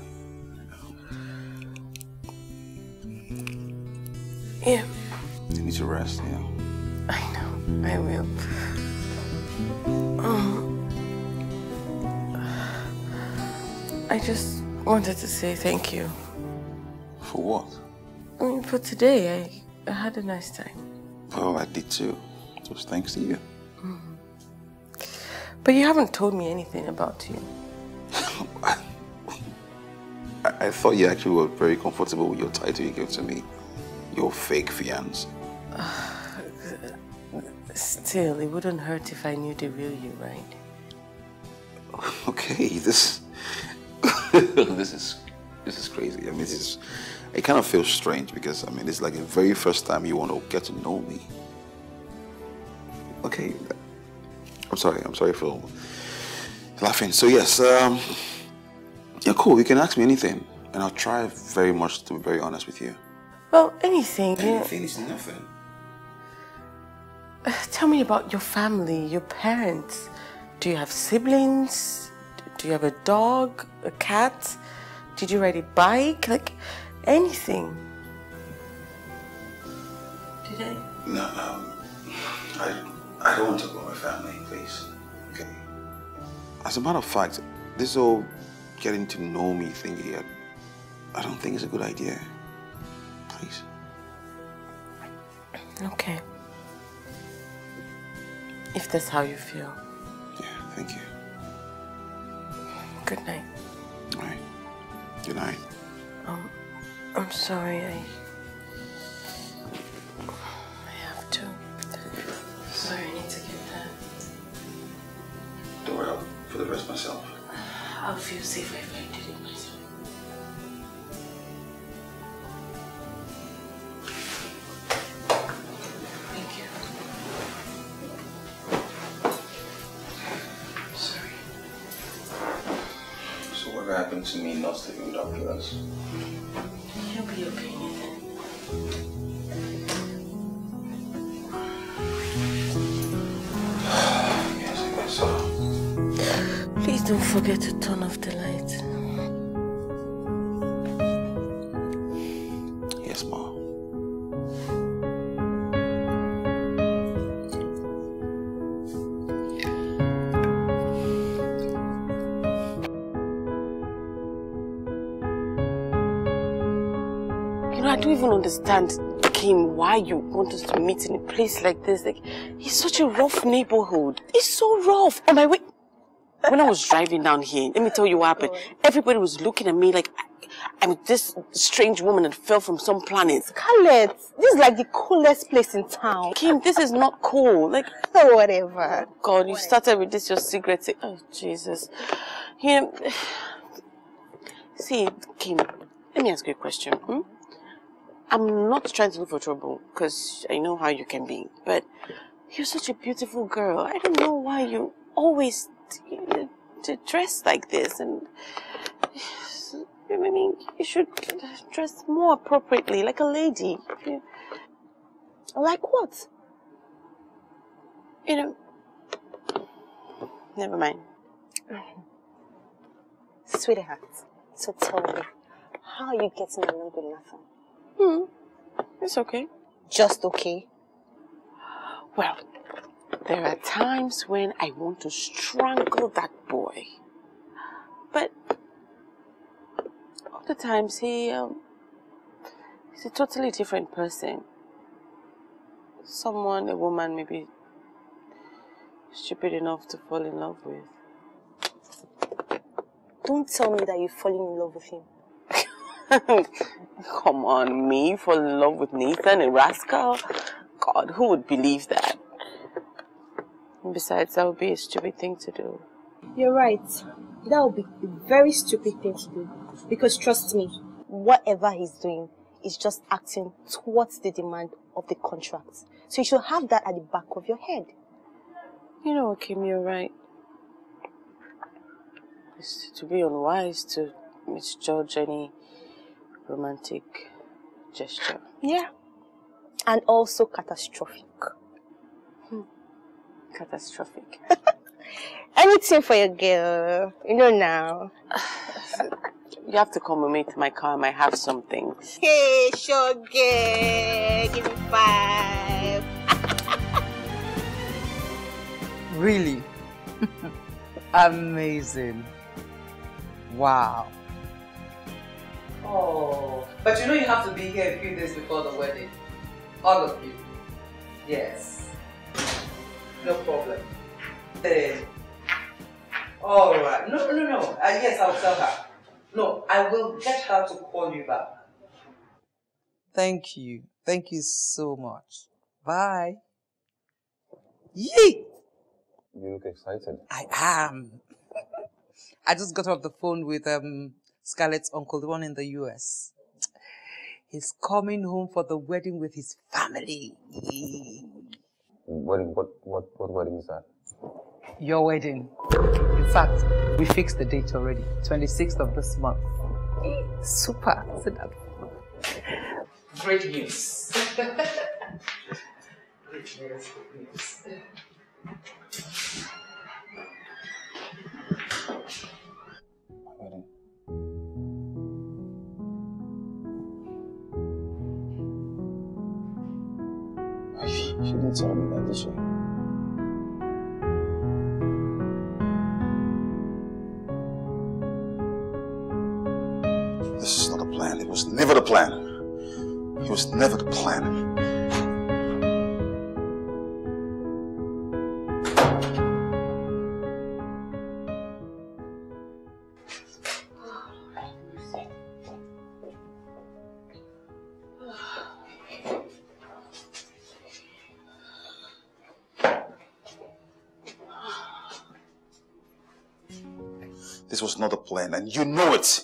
Speaker 3: Yeah. You need to rest, you know. I know.
Speaker 1: I will. Um, I just wanted to say thank you. For what? I mean, for today. I, I had a nice time.
Speaker 3: Well, oh, I did too. It was thanks to you.
Speaker 1: But you haven't told me anything
Speaker 3: about you. <laughs> I, thought you actually were very comfortable with your title you gave to me. Your fake fiance.
Speaker 1: <sighs> Still, it wouldn't hurt if I knew the real you, right?
Speaker 3: <laughs> Okay, this... <laughs> this is... This is crazy. I mean, this is... It kind of feels strange because, I mean, it's like the very first time you want to get to know me. sorry. I'm sorry for laughing. So yes, um, yeah, cool. You can ask me anything, and I'll try very much to be very honest with you.
Speaker 1: Well, anything. Anything is nothing. Uh, tell me about your family, your parents. Do you have siblings? Do you have a dog, a cat? Did you ride a bike? Like anything?
Speaker 3: Did I? No, um, I I don't want to grow my family, please. Okay? As a matter of fact, this whole getting to know me thing here, I don't think it's a good idea. Please.
Speaker 1: Okay. If that's how you feel. Yeah, thank you. Good night. All right. Good night. Um, I'm sorry
Speaker 3: I... to worry, for the rest myself.
Speaker 1: I'll feel safer if I did it myself. Thank you.
Speaker 2: Sorry. So what happened to me not sleeping with doctors? Mm-hmm.
Speaker 1: forget to turn off the light. Yes, Mom. I don't even understand, Kim, why you want us to meet in a place like this. Like, it's such a rough neighborhood. It's so rough. On my way, when I was driving down here, let me tell you what happened. Everybody was looking at me like I'm this strange woman that fell from some planet. Scarlett, this is like the coolest place in town. Kim, this is not cool. Like, <laughs> whatever. God, you started with this, your cigarette. Oh, Jesus. You know, <sighs> see, Kim, let me ask you a question. Hmm? I'm not trying to look for trouble because I know how you can be, but you're such a beautiful girl. I don't know why you always to, to dress like this and <sighs> I mean, you should dress more appropriately, like a lady. like what? You know, never mind.
Speaker 4: Sweetheart, so tell me, how are you getting along with nothing? Hmm, it's okay. Just okay? Well,
Speaker 1: there are times when I want to strangle that boy. But other times he um, he's a totally different person. Someone, a woman maybe stupid enough to fall in love with.
Speaker 4: Don't tell me that you're falling in love with
Speaker 1: him. <laughs> Come on, me fall in love with Nathan, a rascal? God, who would believe that? Besides, that would be a stupid thing to do.
Speaker 4: You're right. That would be a very stupid thing to do. Because trust me, whatever he's doing is just acting towards the demand of the contract. So you should have that at the back of your head. You know, Kim, you're right.
Speaker 1: It's to be unwise to misjudge any romantic gesture. Yeah.
Speaker 4: And also catastrophic. Catastrophic. <laughs> Anything for your girl. You know
Speaker 1: now. <sighs> you have to come to my car. I have something.
Speaker 4: Hey,
Speaker 5: sure girl.
Speaker 4: Give me five.
Speaker 5: <laughs> really? <laughs> Amazing. Wow. Oh, but you know you have to be here a few days before the wedding. All of you. Yes no problem. Eh, all right. No, no, no. Uh, yes, I'll tell her. No, I will get her to call you back. Thank you. Thank you so much. Bye. Yee!
Speaker 3: You look excited. I
Speaker 5: am. <laughs> I just got off the phone with um, Scarlett's uncle, the one in the US. He's coming home for the wedding with his family. Yee.
Speaker 3: What, what, what, what wedding is that?
Speaker 5: Your wedding. In fact, we fixed the date already. 26th of this month. Super, Sit not Great news. Great news, news.
Speaker 2: She didn't tell me
Speaker 3: plan. He was never the plan. This was not a plan, and you know it.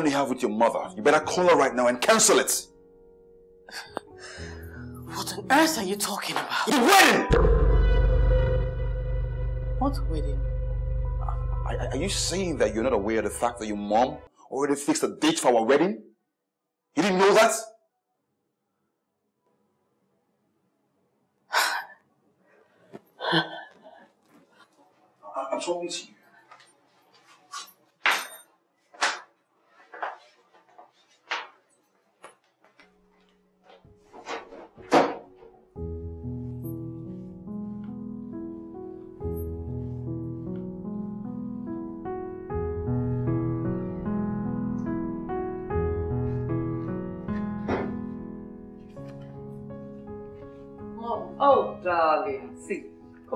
Speaker 3: plan you have with your mother. You better call her right now and cancel it.
Speaker 1: What on earth are you talking about? The wedding! What
Speaker 3: wedding? Are, are you saying that you're not aware of the fact that your mom already fixed a date for our wedding? You didn't know that? <sighs> I'm talking to you.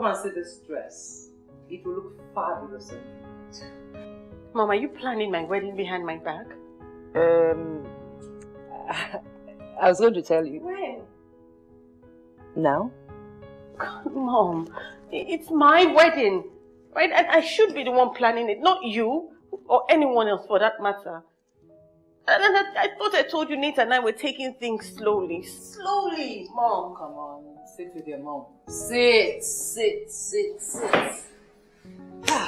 Speaker 5: Come and see this dress. It will look fabulous on you.
Speaker 1: Mom, are you planning my wedding behind my back?
Speaker 5: Um, I was going to tell you. When? Now? Mom,
Speaker 1: it's my wedding, right? And I should be the one planning it, not you or anyone else for that matter. And I, I, thought I told you Nate and I were taking things slowly. Slowly, mom.
Speaker 5: Come on, sit with your mom. Sit, sit, sit, sit. <sighs>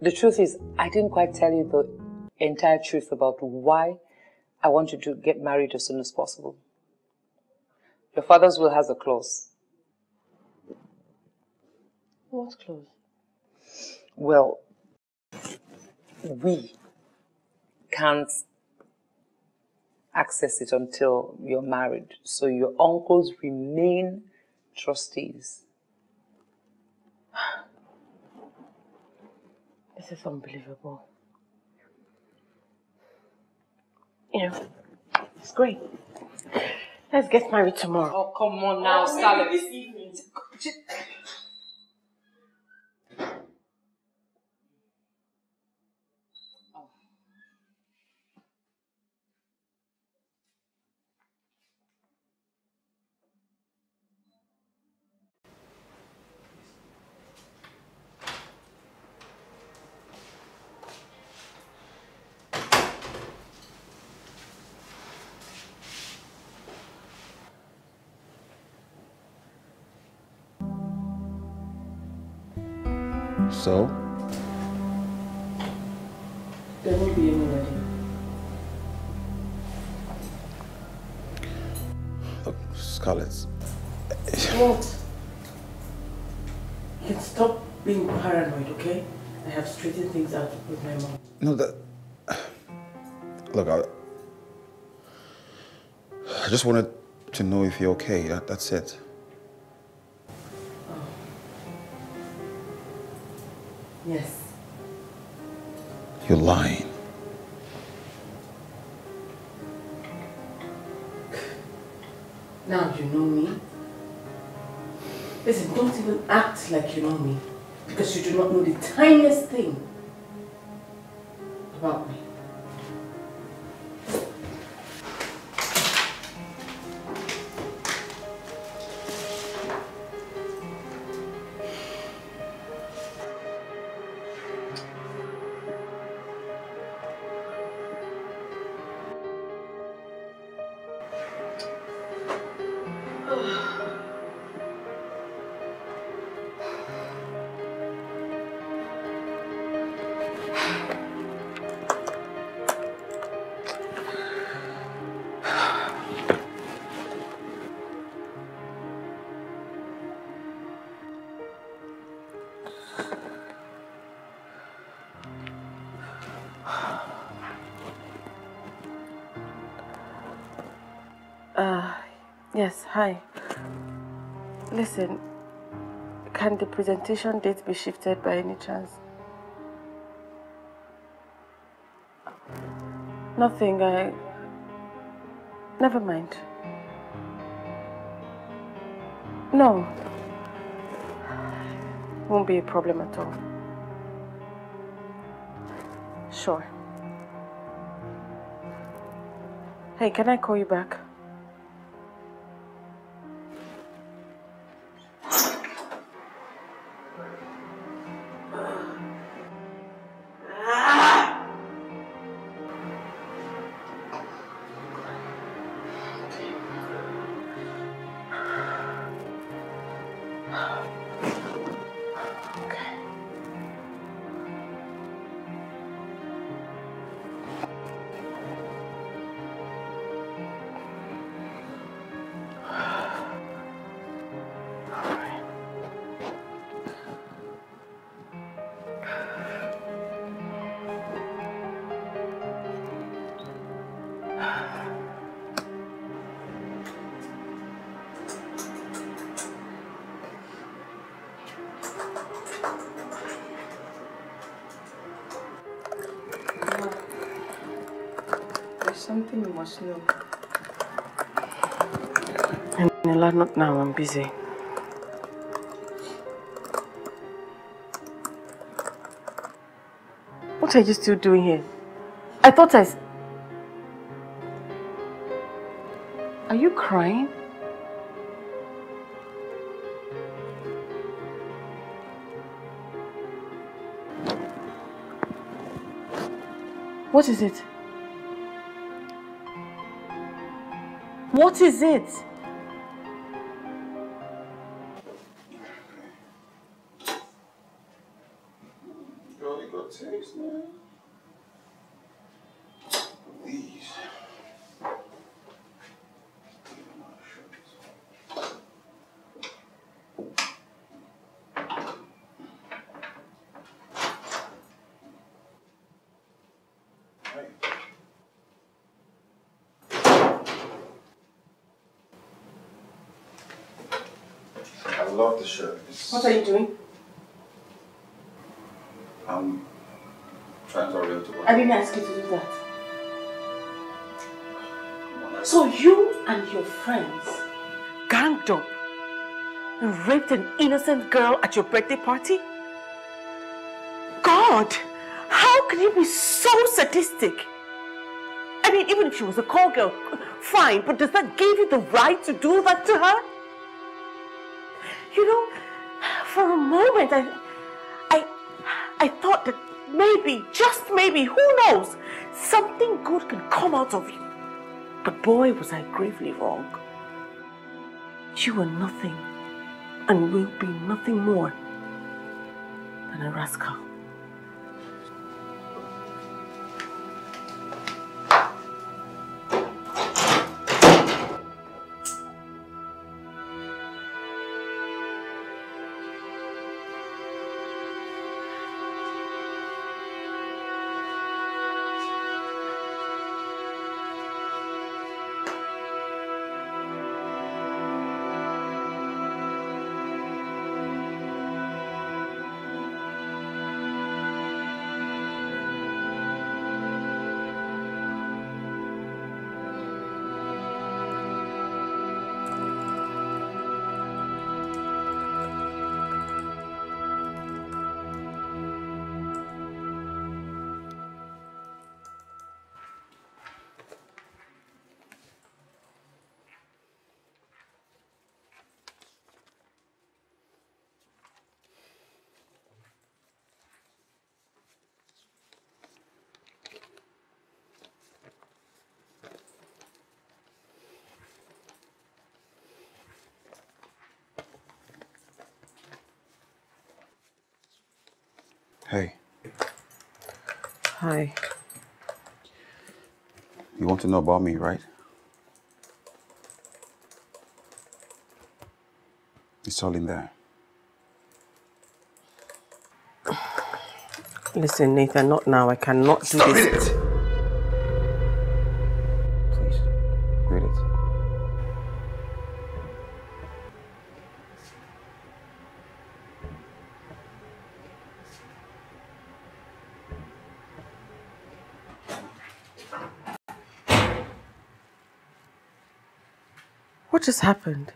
Speaker 5: the truth is, I didn't quite tell you the entire truth about why I want you to get married as soon as possible. Your father's will has a clause. What clause? Well, we can't access it until you're married. So your uncles remain trustees. <sighs>
Speaker 1: This is unbelievable. You know, it's great. Let's get married tomorrow. Oh, come
Speaker 5: on now, oh, This evening.
Speaker 3: So?
Speaker 1: There won't be any wedding.
Speaker 3: Look, Scarlett.
Speaker 1: What? Can stop being paranoid, okay? I have straightened things out with my mom.
Speaker 3: No, that... Look, I... I just wanted to know if you're okay. That, that's it. Yes. You're lying.
Speaker 1: Now you know me. Listen, don't even act like you know me because you do not know the tiniest thing about me. the presentation date be shifted by any chance? Nothing, I... Never mind. No. Won't be a problem at all. Sure. Hey, can I call you back?
Speaker 2: Okay.
Speaker 5: something you must know.
Speaker 1: Nila, not now, I'm busy. What are you still doing here? I thought I... Are you crying? What is it? What is it
Speaker 3: What are you doing? I'm trying to orient to work. I didn't ask
Speaker 1: you to do that. So you and your friends ganged up and raped an innocent girl at your birthday party? God, how can you be so sadistic? I mean, even if she was a call girl, fine, but does that give you the right to do that to her? good can come out of you. But boy, was I gravely wrong. You were nothing and will be nothing more than a rascal.
Speaker 3: Hey. Hi. You want to know about me, right? It's all in there.
Speaker 1: Listen, Nathan, not now. I cannot do Stop this. It. happened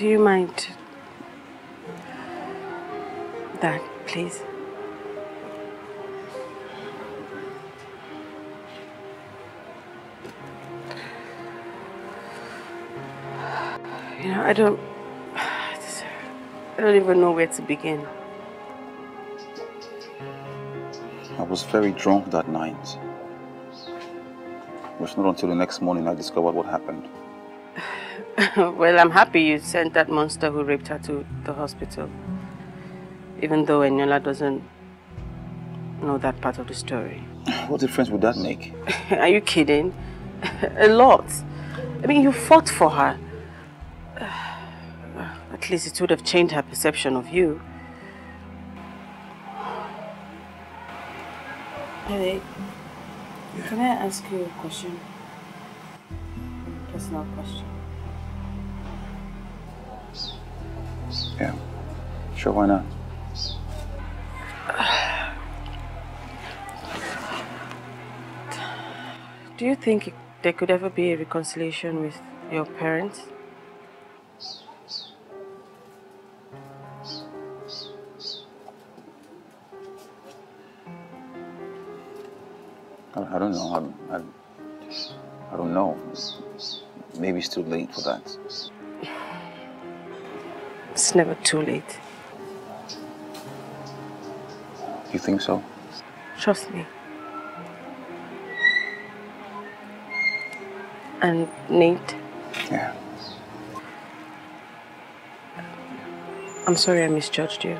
Speaker 1: Do you mind that, please? You know, I don't... <sighs> I don't even know where to begin.
Speaker 3: I was very drunk that night. It was not until the next morning I discovered what happened.
Speaker 1: <laughs> well, I'm happy you sent that monster who raped her to the hospital. Even though Eniola doesn't know that part of the story.
Speaker 3: <sighs> What difference would that make?
Speaker 1: <laughs> Are you kidding? <laughs> A lot. I mean, you fought for her. <sighs> At least it would have changed her perception of you. Hey, can I ask you a question? Personal question. Sure, why not? Do you think there could ever be a reconciliation with your parents?
Speaker 3: I don't know. i I i do not know. Maybe it's too late for that.
Speaker 1: It's never too late. You think so? Trust me. And Nate? Yeah. I'm sorry I misjudged you.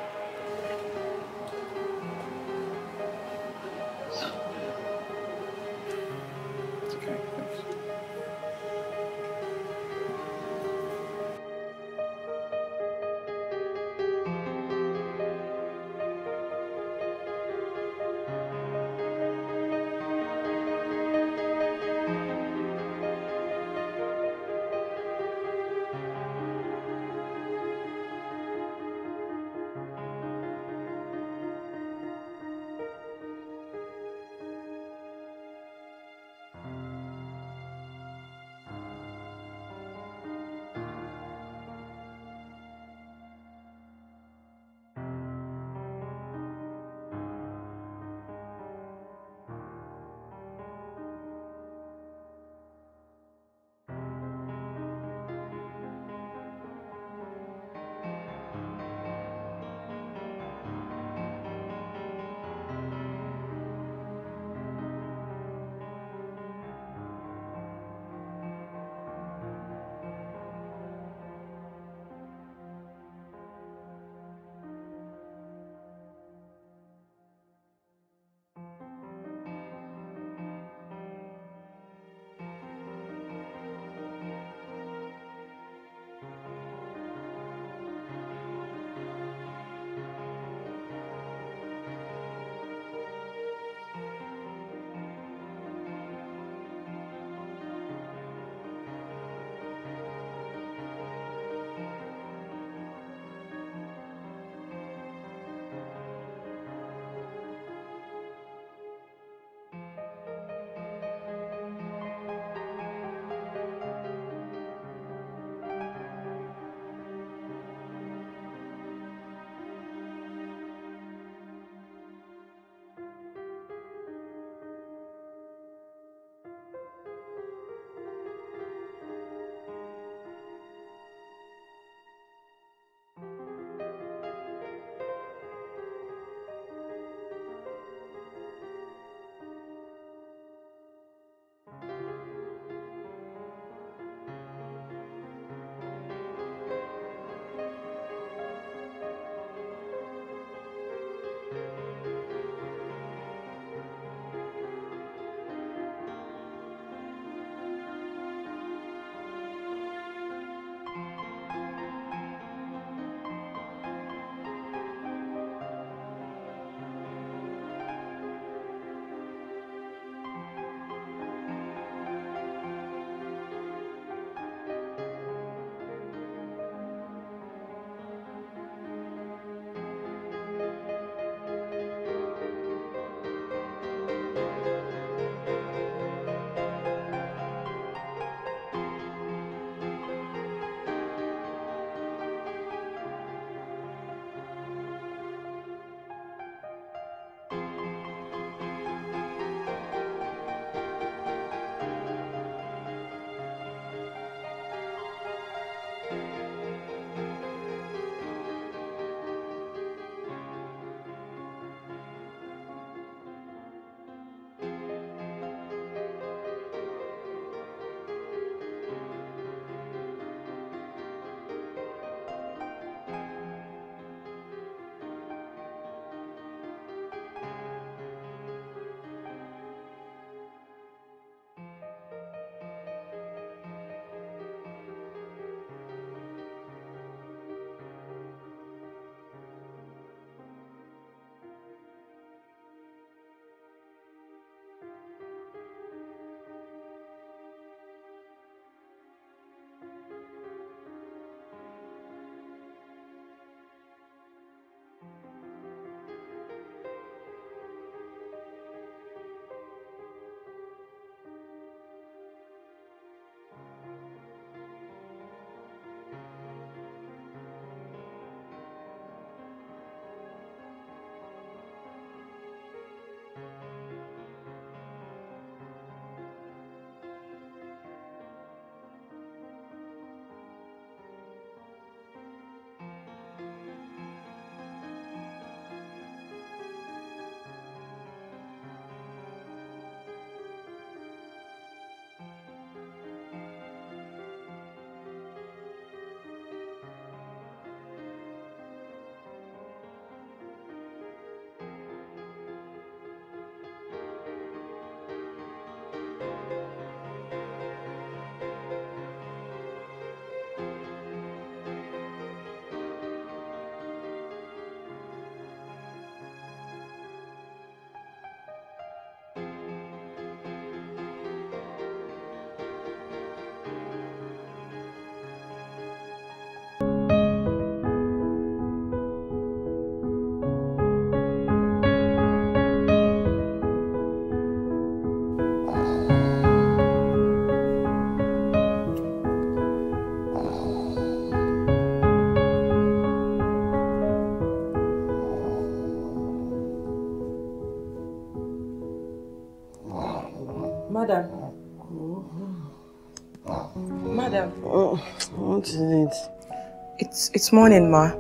Speaker 1: It's, morning, Ma.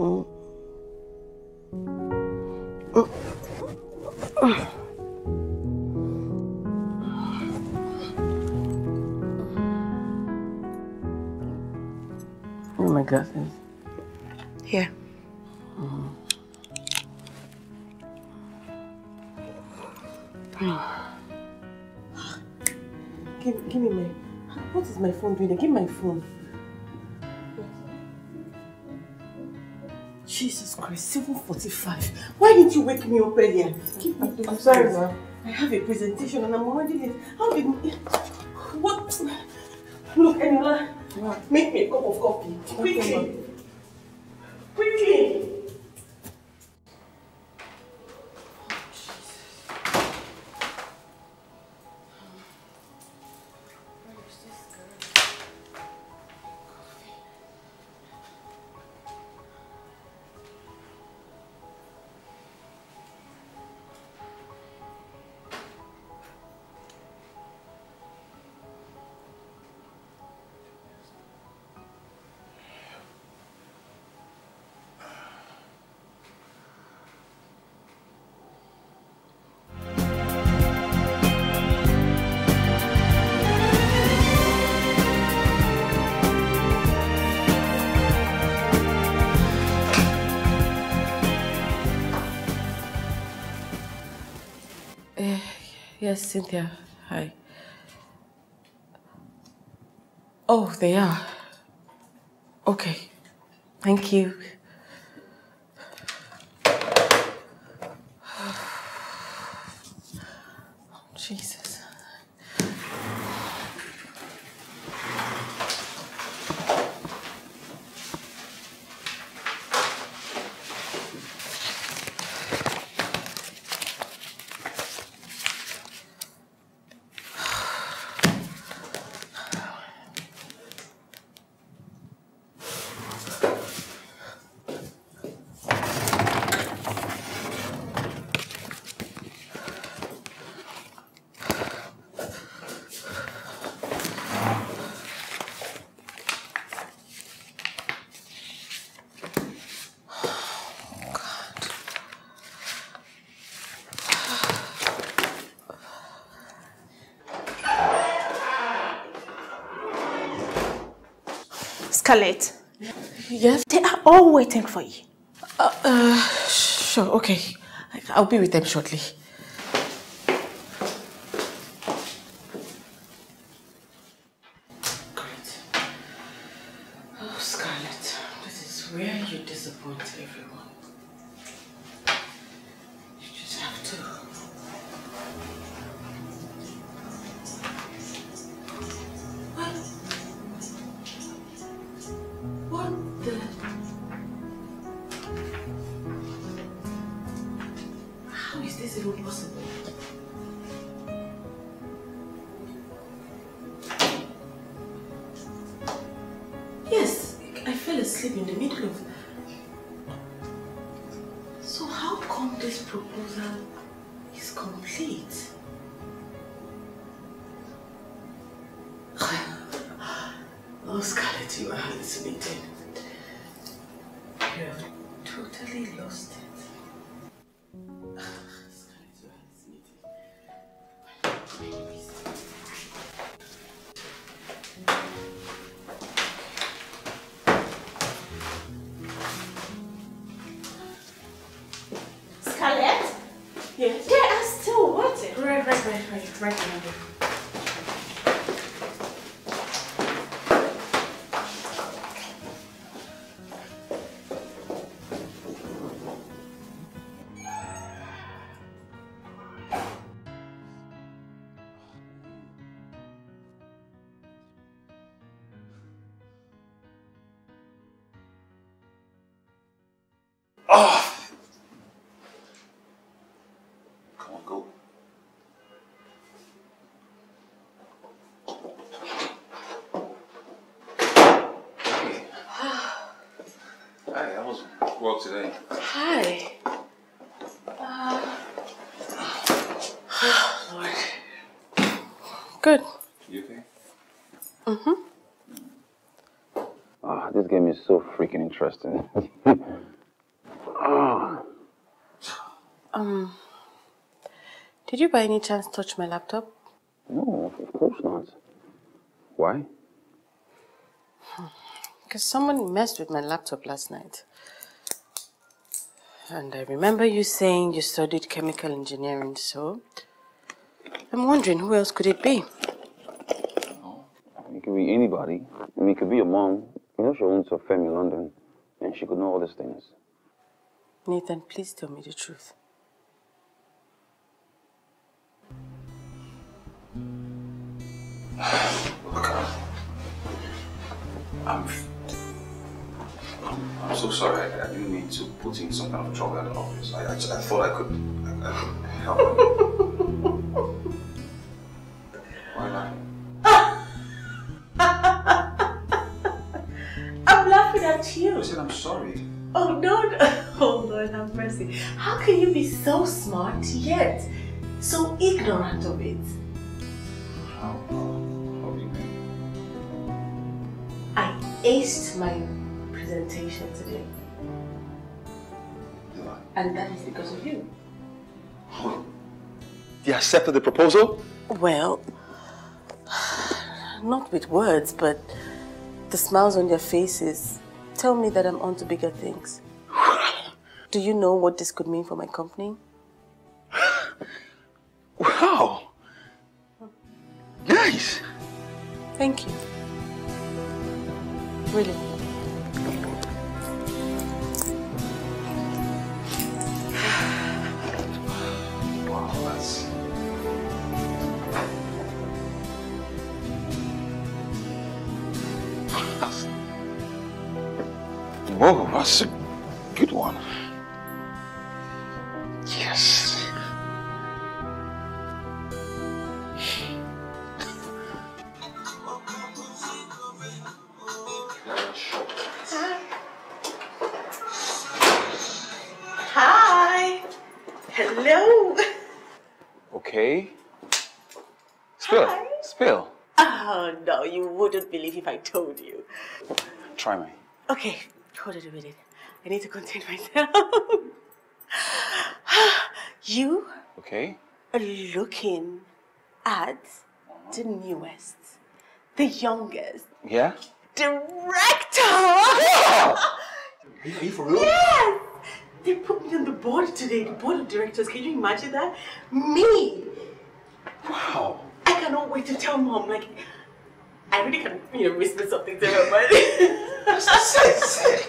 Speaker 1: Mm. Mm. my glasses? Here. give, give me my... What is my phone doing? Give me my phone. Jesus Christ, 7.45. Why didn't you wake me up earlier? Keep me I'm sorry, ma'am. I have a presentation and I'm already late. How did... What? Look, Enola, make me a cup of coffee. Quickly. Yes, Cynthia. Hi. Oh, they are. Okay. Thank you.
Speaker 4: Scarlett, yes? They are all
Speaker 1: waiting for you. Uh, uh, sure, okay. I'll be with them shortly. complete.
Speaker 2: Oh, Scarlett, you are hallucinating. You have totally lost it.
Speaker 3: well today?
Speaker 1: Hi. Uh, oh, Lord. Good. You okay? Mm-hmm.
Speaker 3: Oh, this game is so freaking interesting.
Speaker 2: oh.
Speaker 1: Um, did you by any chance touch my laptop?
Speaker 3: No, of course not. Why?
Speaker 1: Because hmm. someone messed with my laptop last night. And I remember you saying you studied chemical engineering, so I'm wondering who else could it be?
Speaker 3: it could be anybody. I mean, it could be your mom. You know she owns a firm in London, and she could know all these things.
Speaker 1: Nathan, please tell me the truth.
Speaker 3: <sighs> Look, I'm so sorry. I, I, didn't mean to put in some kind of trouble at the office. I, I, I thought I could, I, could help. <laughs> Why not?
Speaker 1: <laughs> I'm laughing at you. I said I'm sorry. Oh no, no! <laughs> Oh Lord, have mercy. How can you be so smart yet so ignorant of it?
Speaker 2: How? How do you mean?
Speaker 1: I aced my presentation today. And that is because of you.
Speaker 3: Oh. You accepted the proposal?
Speaker 1: Well, not with words, but the smiles on their faces tell me that I'm on to bigger things. <sighs> Do you know what this could mean for my company? Wow! Nice! Thank you. Really.
Speaker 3: Whoa, that's a good one.
Speaker 1: hold it a minute. I need to contain <laughs> myself. you okay. are looking at the newest, the youngest. Yeah? Director! Wow. Are, you, are you for real? Yes! They put me on the board today, the board of directors. Can you imagine that? Me! Wow! I cannot wait to tell mom. Like, I really can, you know, whisper something to her, but <laughs> I,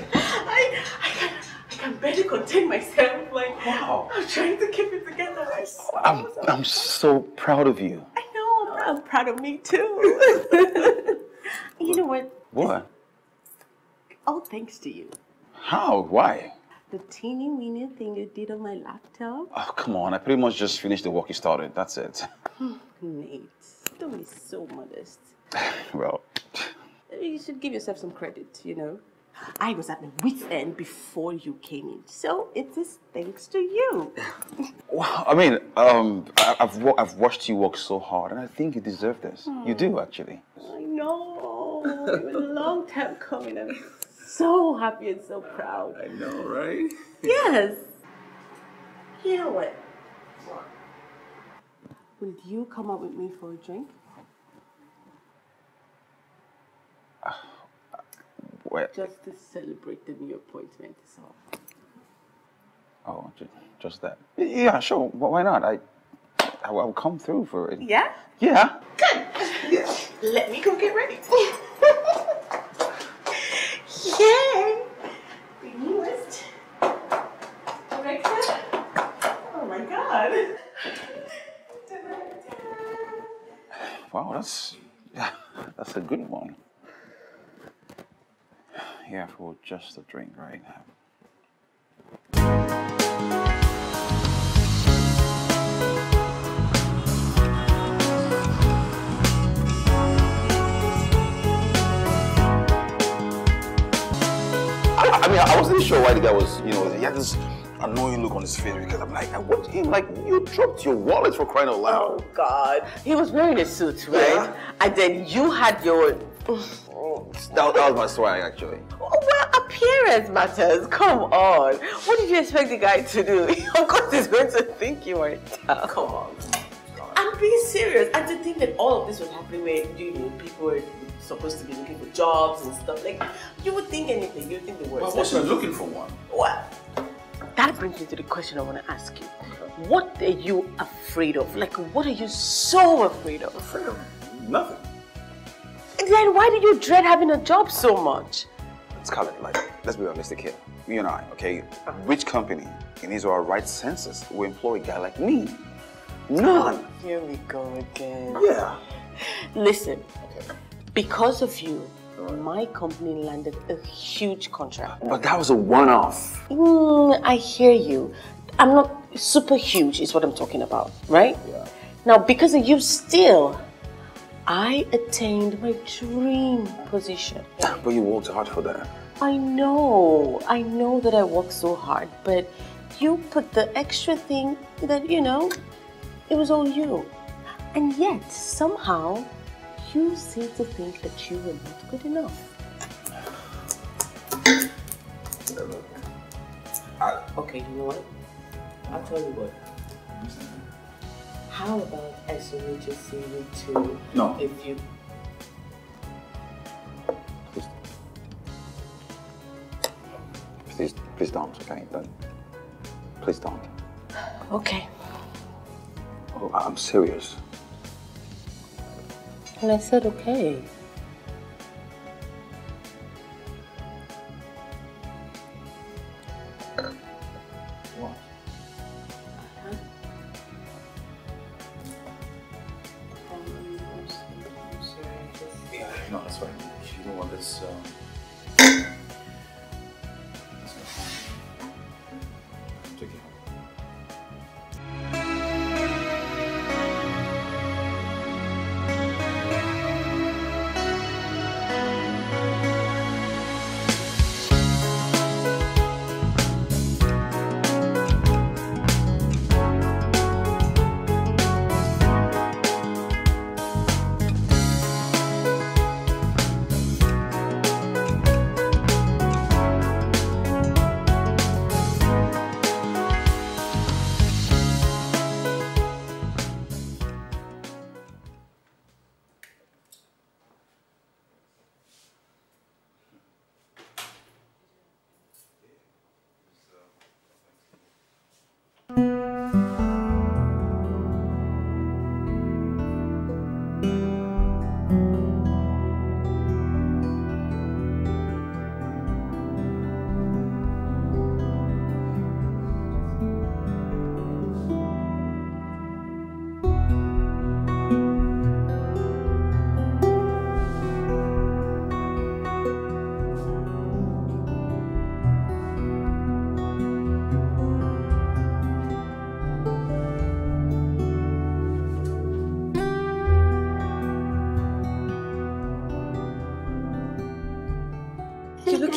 Speaker 1: I can, I can barely contain myself. Like, wow. I'm trying to keep it together. I'm, so, I'm,
Speaker 3: so, I'm so proud of you. I
Speaker 1: know. I'm proud of me too. <laughs> you know what? What? All thanks to you.
Speaker 3: How? Why?
Speaker 1: The teeny weeny thing you did on my laptop.
Speaker 3: Oh, come on. I pretty much just finished the work you started. That's it.
Speaker 1: Nate, <sighs> don't be so modest.
Speaker 3: <sighs> well,
Speaker 1: you should give yourself some credit, you know. I was at my wit's end before you came in, so it is thanks to you. <sighs> well, I mean,
Speaker 3: um, I, have wa I've watched you work so hard, and I think you deserve this. You do, hmm. actually.
Speaker 1: I know. it was a <laughs> long time coming. I'm so happy and so proud. I know, right? <laughs> yes. You know what? Will you come up with me for a drink? well, just to celebrate the new appointment is all.
Speaker 3: Oh, just that. Yeah, sure. Why not? I, I will come through for it. Yeah. Yeah. Good.
Speaker 1: Yeah. Let me go get ready.
Speaker 4: <laughs> Yay! newest Alexa. Oh my
Speaker 2: god. <laughs>
Speaker 3: Wow, that's yeah, that's a good one here for just a drink right now. I, mean, I wasn't sure why the guy was, you know, he had this annoying look on his face because I'm like, I watched him like you dropped your wallet for crying out loud. Oh God, he was wearing a suit, right? Yeah. And then you had your. That, that, was my swag, actually.
Speaker 1: Oh, well, appearance matters. Come on. What did you expect the guy to do? <laughs> of course, he's going to think you are Come on. I'm being serious. And to think that all of this was happening where, you know, people were supposed to be looking for jobs and stuff. Like, you would think anything. You would think the worst. But wasn't looking for one. What? That brings me to the question I want to ask you. What are you afraid of? Like, what are you so afraid of? Afraid of nothing. Glenn, why did you dread having a job so much?
Speaker 3: Scarlett, like, let's be realistic here. You and I, okay? Which company, in Israel right senses, will employ a guy like me? None!
Speaker 1: Here we go again. Yeah. Listen, okay. because of you, my company landed a huge contract. But that was a one-off. Mm, I hear you. I'm not super huge is what I'm talking about,
Speaker 3: right? Yeah.
Speaker 1: Now, because of you still I attained my dream position.
Speaker 3: Ah, but you worked hard for that.
Speaker 1: I know. I know that I worked so hard, but you put the extra thing that, you know,
Speaker 4: it was all you. And yet, somehow, you seem to think that you were not good enough.
Speaker 1: okay, you know what? I'll tell you what. How about Exonegia Season 2? No. If you... Please.
Speaker 3: Please, please don't, okay? Don't. Please don't. Okay. Oh, I'm serious.
Speaker 1: Well, I said okay.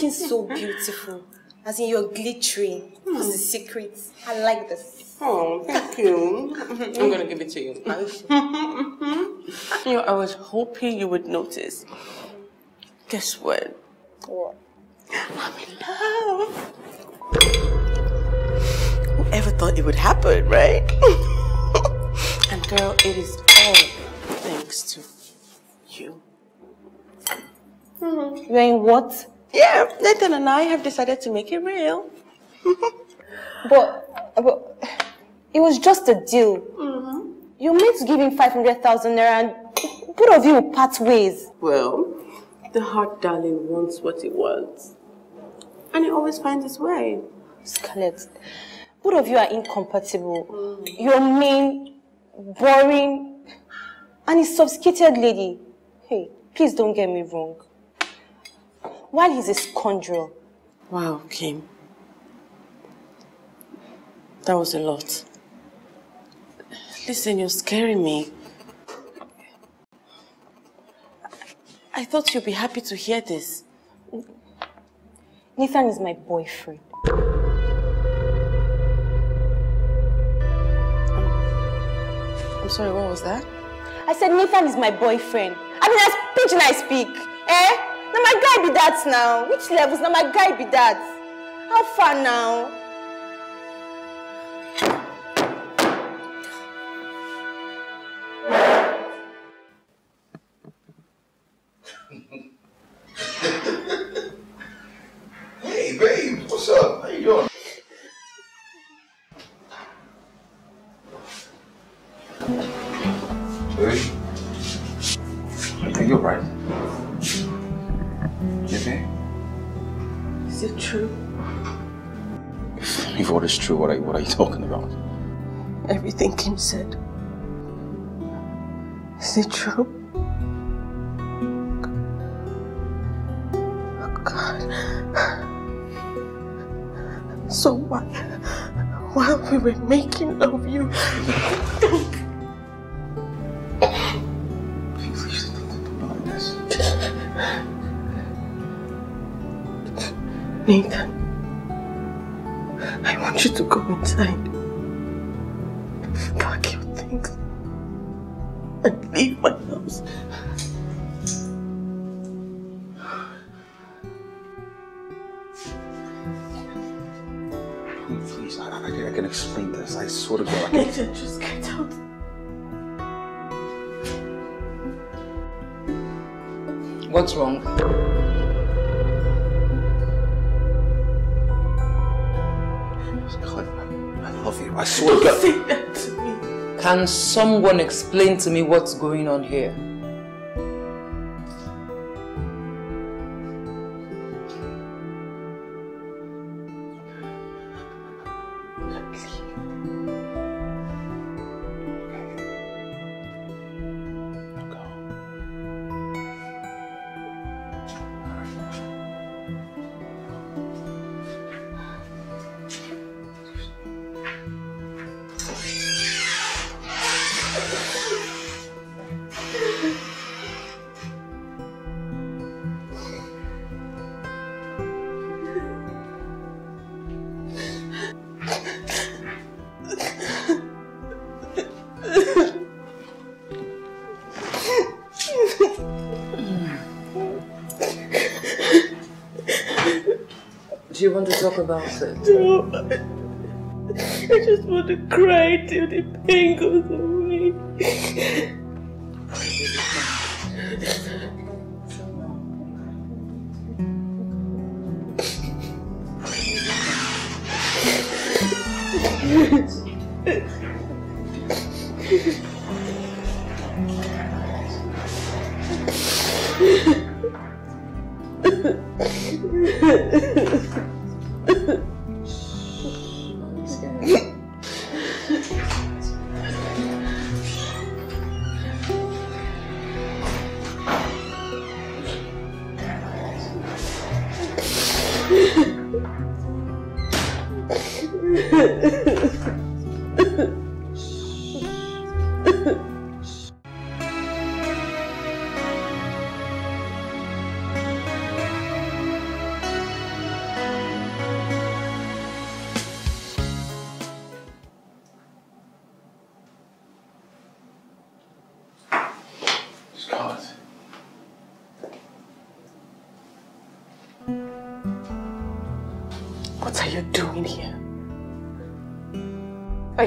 Speaker 4: looking so beautiful. As in, you're glittering. Hmm. What's the secret? I like this. Oh, thank you. <laughs> I'm going
Speaker 1: to give it to you. you know, I was hoping you would notice. Guess what?
Speaker 2: What? I'm in love.
Speaker 1: thought it would happen, right? <laughs> and girl, it is all thanks to you. Mm -hmm.
Speaker 4: You're in what? Yeah, Nathan and I have decided to make it real. <laughs> but, but it was just a deal.
Speaker 1: Mm -hmm.
Speaker 4: You meant to give him 500,000 naira and both of you part ways.
Speaker 1: Well, the heart, darling wants what he wants.
Speaker 4: And he always finds his way. Scarlett, both of you are incompatible. Mm. You're mean, boring, and a sophisticated lady. Hey, please don't get me wrong while he's a scoundrel.
Speaker 1: Wow, Kim. That was a lot. Listen, you're scaring me. I thought you'd be happy to hear this. Nathan is my boyfriend.
Speaker 4: I'm sorry, what was that? I said Nathan is my boyfriend. I mean, I speak and I speak. Eh? Now my guy be that now which levels Now my guy be that. how far now
Speaker 3: <laughs> hey babe what's up how you doing are you talking about?
Speaker 1: Everything Kim said. Is it true? Oh, so why, while we were making love, you. Nathan you to come inside.
Speaker 5: Can someone explain to me what's going on here? you want to talk about it? No,
Speaker 1: I, just want to cry till the pain goes
Speaker 2: away.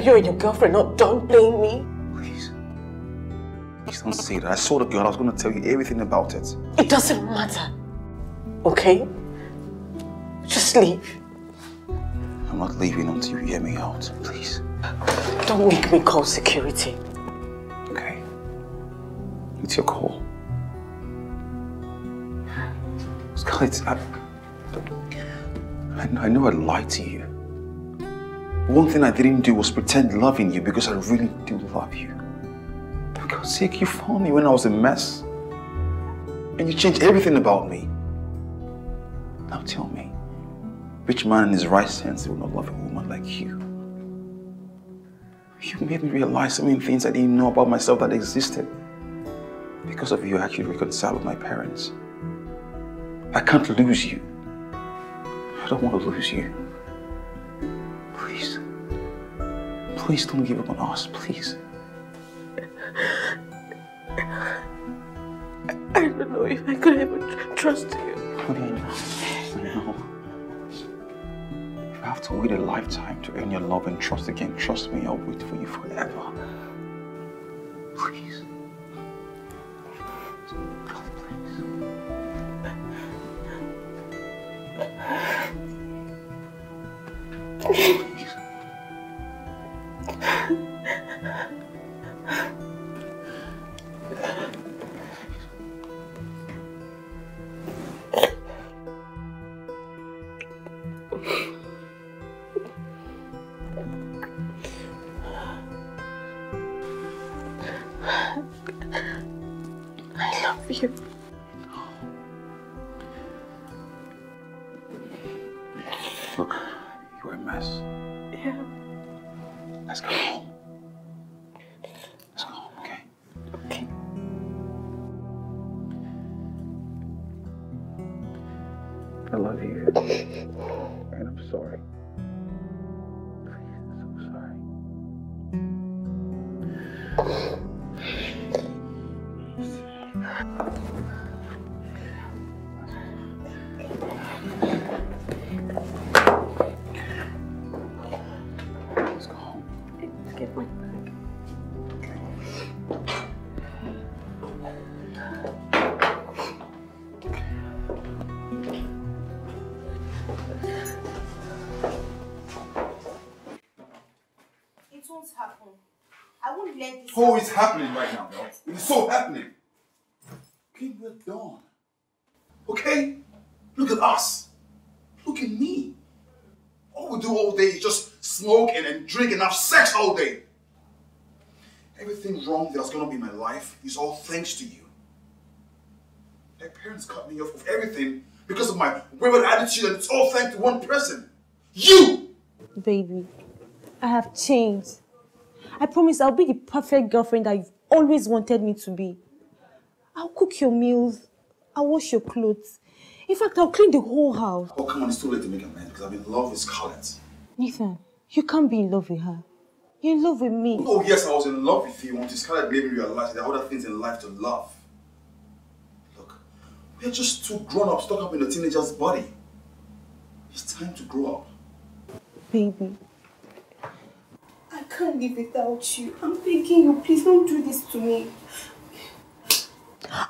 Speaker 1: you and your girlfriend, not don't blame me. Please.
Speaker 3: Please don't say that. I saw the girl. I was going to tell you everything about it. It doesn't matter.
Speaker 1: Okay? Just leave.
Speaker 3: I'm not leaving until you hear me out. Please.
Speaker 1: Don't make me call security.
Speaker 3: Okay. It's your call. Scarlett, I... I know I lied to you. One thing I didn't do was pretend loving you because I really do love you. For God's sake, you found me when I was a mess. And you changed everything about me. Now tell me, which man in his right sense will not love a woman like you? You made me realize so many things I didn't know about myself that existed. Because of you, I actually reconciled with my parents. I can't lose you. I don't want to lose you. Please don't give up on us, please. I don't know if I could ever
Speaker 2: trust you.
Speaker 3: Honey, no. You have to wait a lifetime to earn your love and trust again. Trust me, I'll wait for you forever. Please.
Speaker 2: please. <laughs>
Speaker 1: I love you.
Speaker 4: happening right now, y'all.
Speaker 3: It is so happening. Keep that dawn. Okay? Look at us. Look at me. All we do all day is just smoke and, and drink and have sex all day. Everything wrong that's gonna be in my life is all thanks to you. My parents cut me off of everything because of my wayward attitude, and it's all thanks to one person.
Speaker 4: You! Baby, I have changed. I promise I'll be the perfect girlfriend that you've always wanted me to be. I'll cook your meals. I'll wash your clothes. In fact, I'll clean the whole house. Oh, come on, it's too late
Speaker 3: to make amends because I'm in love with Scarlett.
Speaker 4: Nathan, you can't be in love with her. You're in love with me. Oh, yes, I
Speaker 3: was in love with you until Scarlett made me realize there are other things in life to love. Look, we're just two grown-ups stuck up in a teenager's body. It's time to grow
Speaker 4: up. Baby, can't live without you. I'm begging you, please don't do this to me.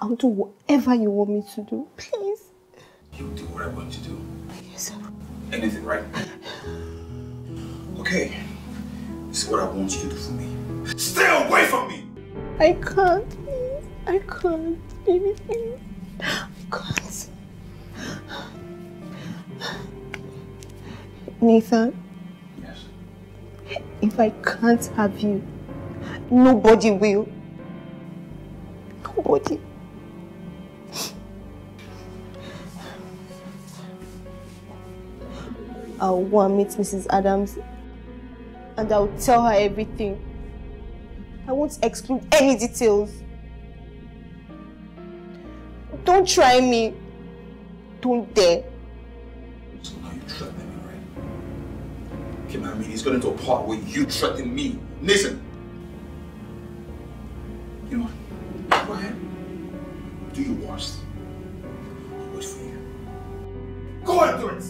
Speaker 4: I'll do whatever you want me to do, please.
Speaker 3: You do what I want you to do? Yes. Anything, right? Okay. This is what I want you to do for me. Stay away from me!
Speaker 2: I can't, please. I can't. Baby, please.
Speaker 4: can't. Nathan. If I can't have you, nobody will. Nobody. I'll go and meet Mrs. Adams and I'll tell her everything. I won't exclude any details. Don't try me. Don't dare.
Speaker 3: You know I mean? He's got into a part where you threaten me. Listen. You know what? Go ahead. Do your worst. I'll wait for you. Go ahead, do it!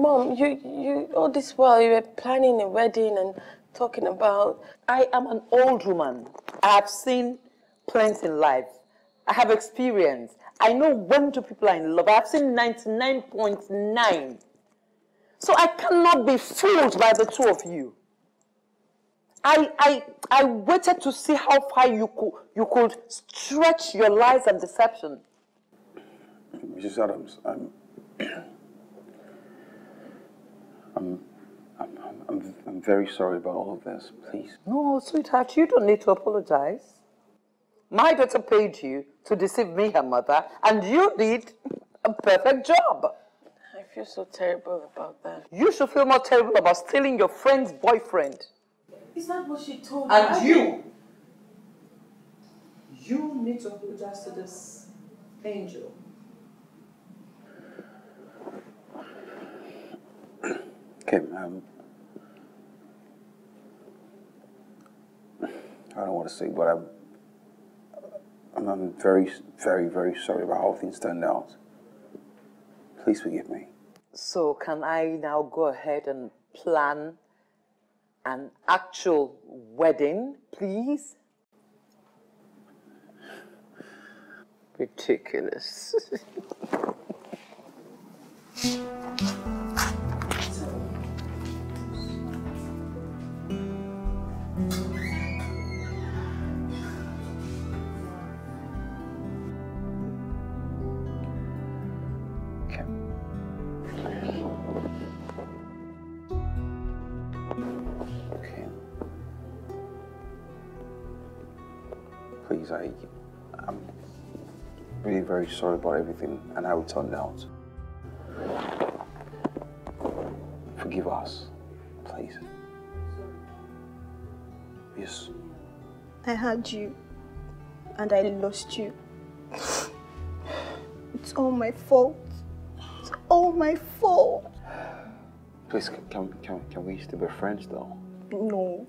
Speaker 1: Mom, you, you, all this while you were planning a wedding and talking about.
Speaker 5: I am an old woman. I have seen plenty in life. I have experience. I know when two people are in love. I have seen 99.9. .9. So I cannot be fooled by the two of you. I, I, I waited to see how far you could, you could stretch your lies and deception. Mrs. Adams, I'm. <clears throat>
Speaker 3: I'm, I'm, I'm, I'm very sorry about all of this, please.
Speaker 5: No, sweetheart, you don't need to apologize. My daughter paid you to deceive me, her mother, and you did a perfect job. I feel so terrible about that. You should feel more terrible about stealing your friend's boyfriend.
Speaker 1: Is that what she
Speaker 5: told you? And you, you need to apologize to this angel.
Speaker 3: came um, I don't want to say, but I'm, I'm, I'm very, very, very sorry about how things turned out. Please forgive me.
Speaker 5: So can I now go ahead and plan an actual wedding, please? Ridiculous. <laughs>
Speaker 3: very sorry about everything and how it turned out. Forgive us, please. Yes.
Speaker 4: I had you and I lost you. It's all my fault. It's all my fault.
Speaker 3: Please, can, can, can we still be friends though?
Speaker 4: No.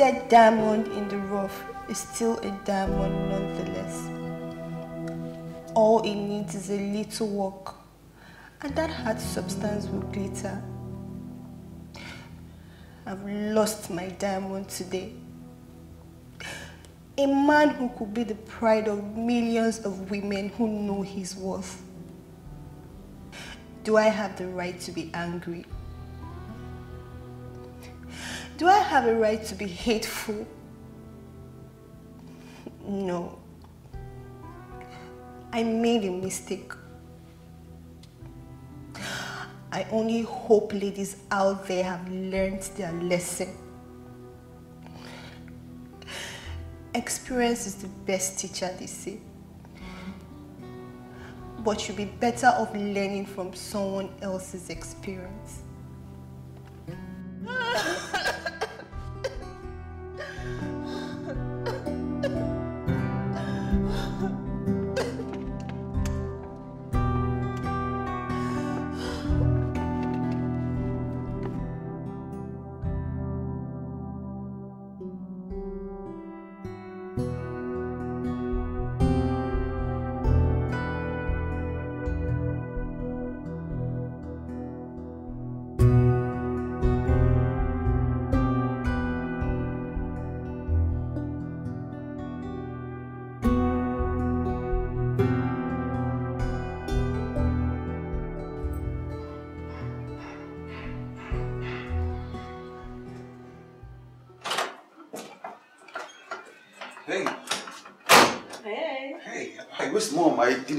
Speaker 4: said diamond in the rough is still a diamond nonetheless. All it needs is a little work, and that hard substance will glitter. I've lost my diamond today. A man who could be the pride of millions of women who know his worth. Do I have the right to be angry? Do I have a right to be hateful? No. I made a mistake. I only hope ladies out there have learned their lesson. Experience is the best teacher, they say. But you'll be better off learning from someone else's experience.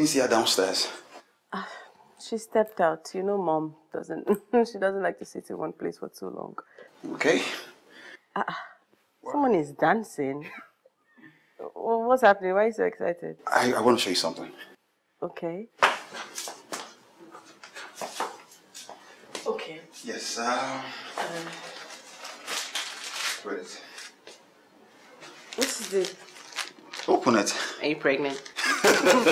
Speaker 3: didn't see her downstairs?
Speaker 1: Uh, she stepped out. You know, mom doesn't. <laughs> she doesn't like to sit in one
Speaker 3: place for too long. Okay.
Speaker 1: Uh, someone is dancing. <laughs> What's happening? Why are you
Speaker 3: so excited? I, I want to show you something. Okay. Okay. Yes, um... um what is it?
Speaker 1: This Open it. Are you pregnant? okay. Yes.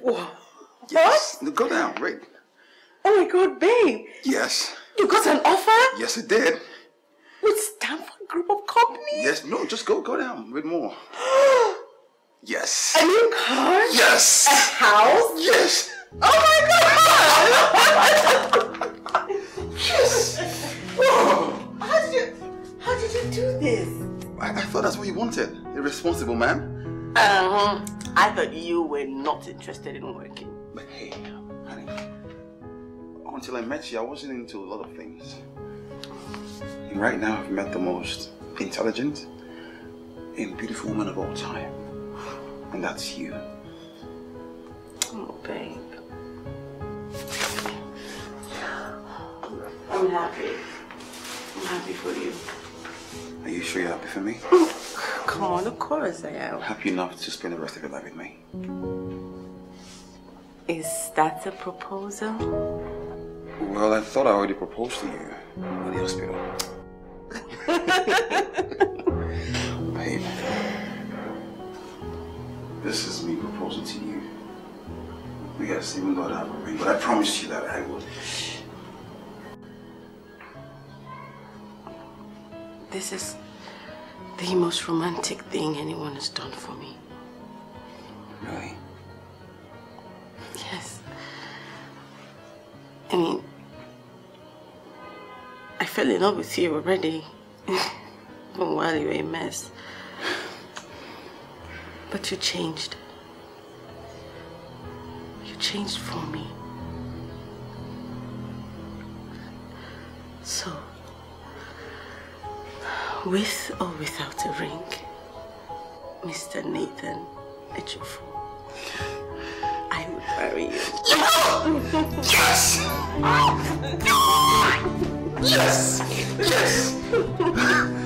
Speaker 3: What? Go down, right. Oh my God, babe. Yes. You got an offer? Yes, it did. With Stanford Group of Companies? Yes. No, just go, go down. Read more. <gasps> Yes.
Speaker 1: A new car? Yes.
Speaker 2: A house? Yes. Oh my
Speaker 3: god!
Speaker 1: yes. How did you? How did you do this?
Speaker 3: I, I thought that's what you wanted. A responsible man. huh. I thought you were not interested in working. But hey, honey, until I met you, I wasn't into a lot of things. And right now, I've met the most intelligent and beautiful woman of all time and that's you. Oh, babe.
Speaker 1: I'm happy. I'm happy for you.
Speaker 3: Are you sure you're happy for me?
Speaker 1: <laughs> Come on, of course I am.
Speaker 3: Happy enough to spend the rest of your life with me.
Speaker 1: Is that a proposal?
Speaker 3: Well, I thought I already proposed to you at the
Speaker 1: hospital. <laughs> Babe. This is me proposing to you. Yes, even though I don't have a ring, but I promise you that I will. This is the most romantic thing anyone has done for me.
Speaker 2: Really? Yes.
Speaker 1: I mean, I fell in love with you already. Even <laughs> while you were a mess. But you changed. You changed for me. So, with or without a ring, Mr. Nathan Echufu, I will marry you. Yes!
Speaker 2: Yes! Yes! yes! <laughs>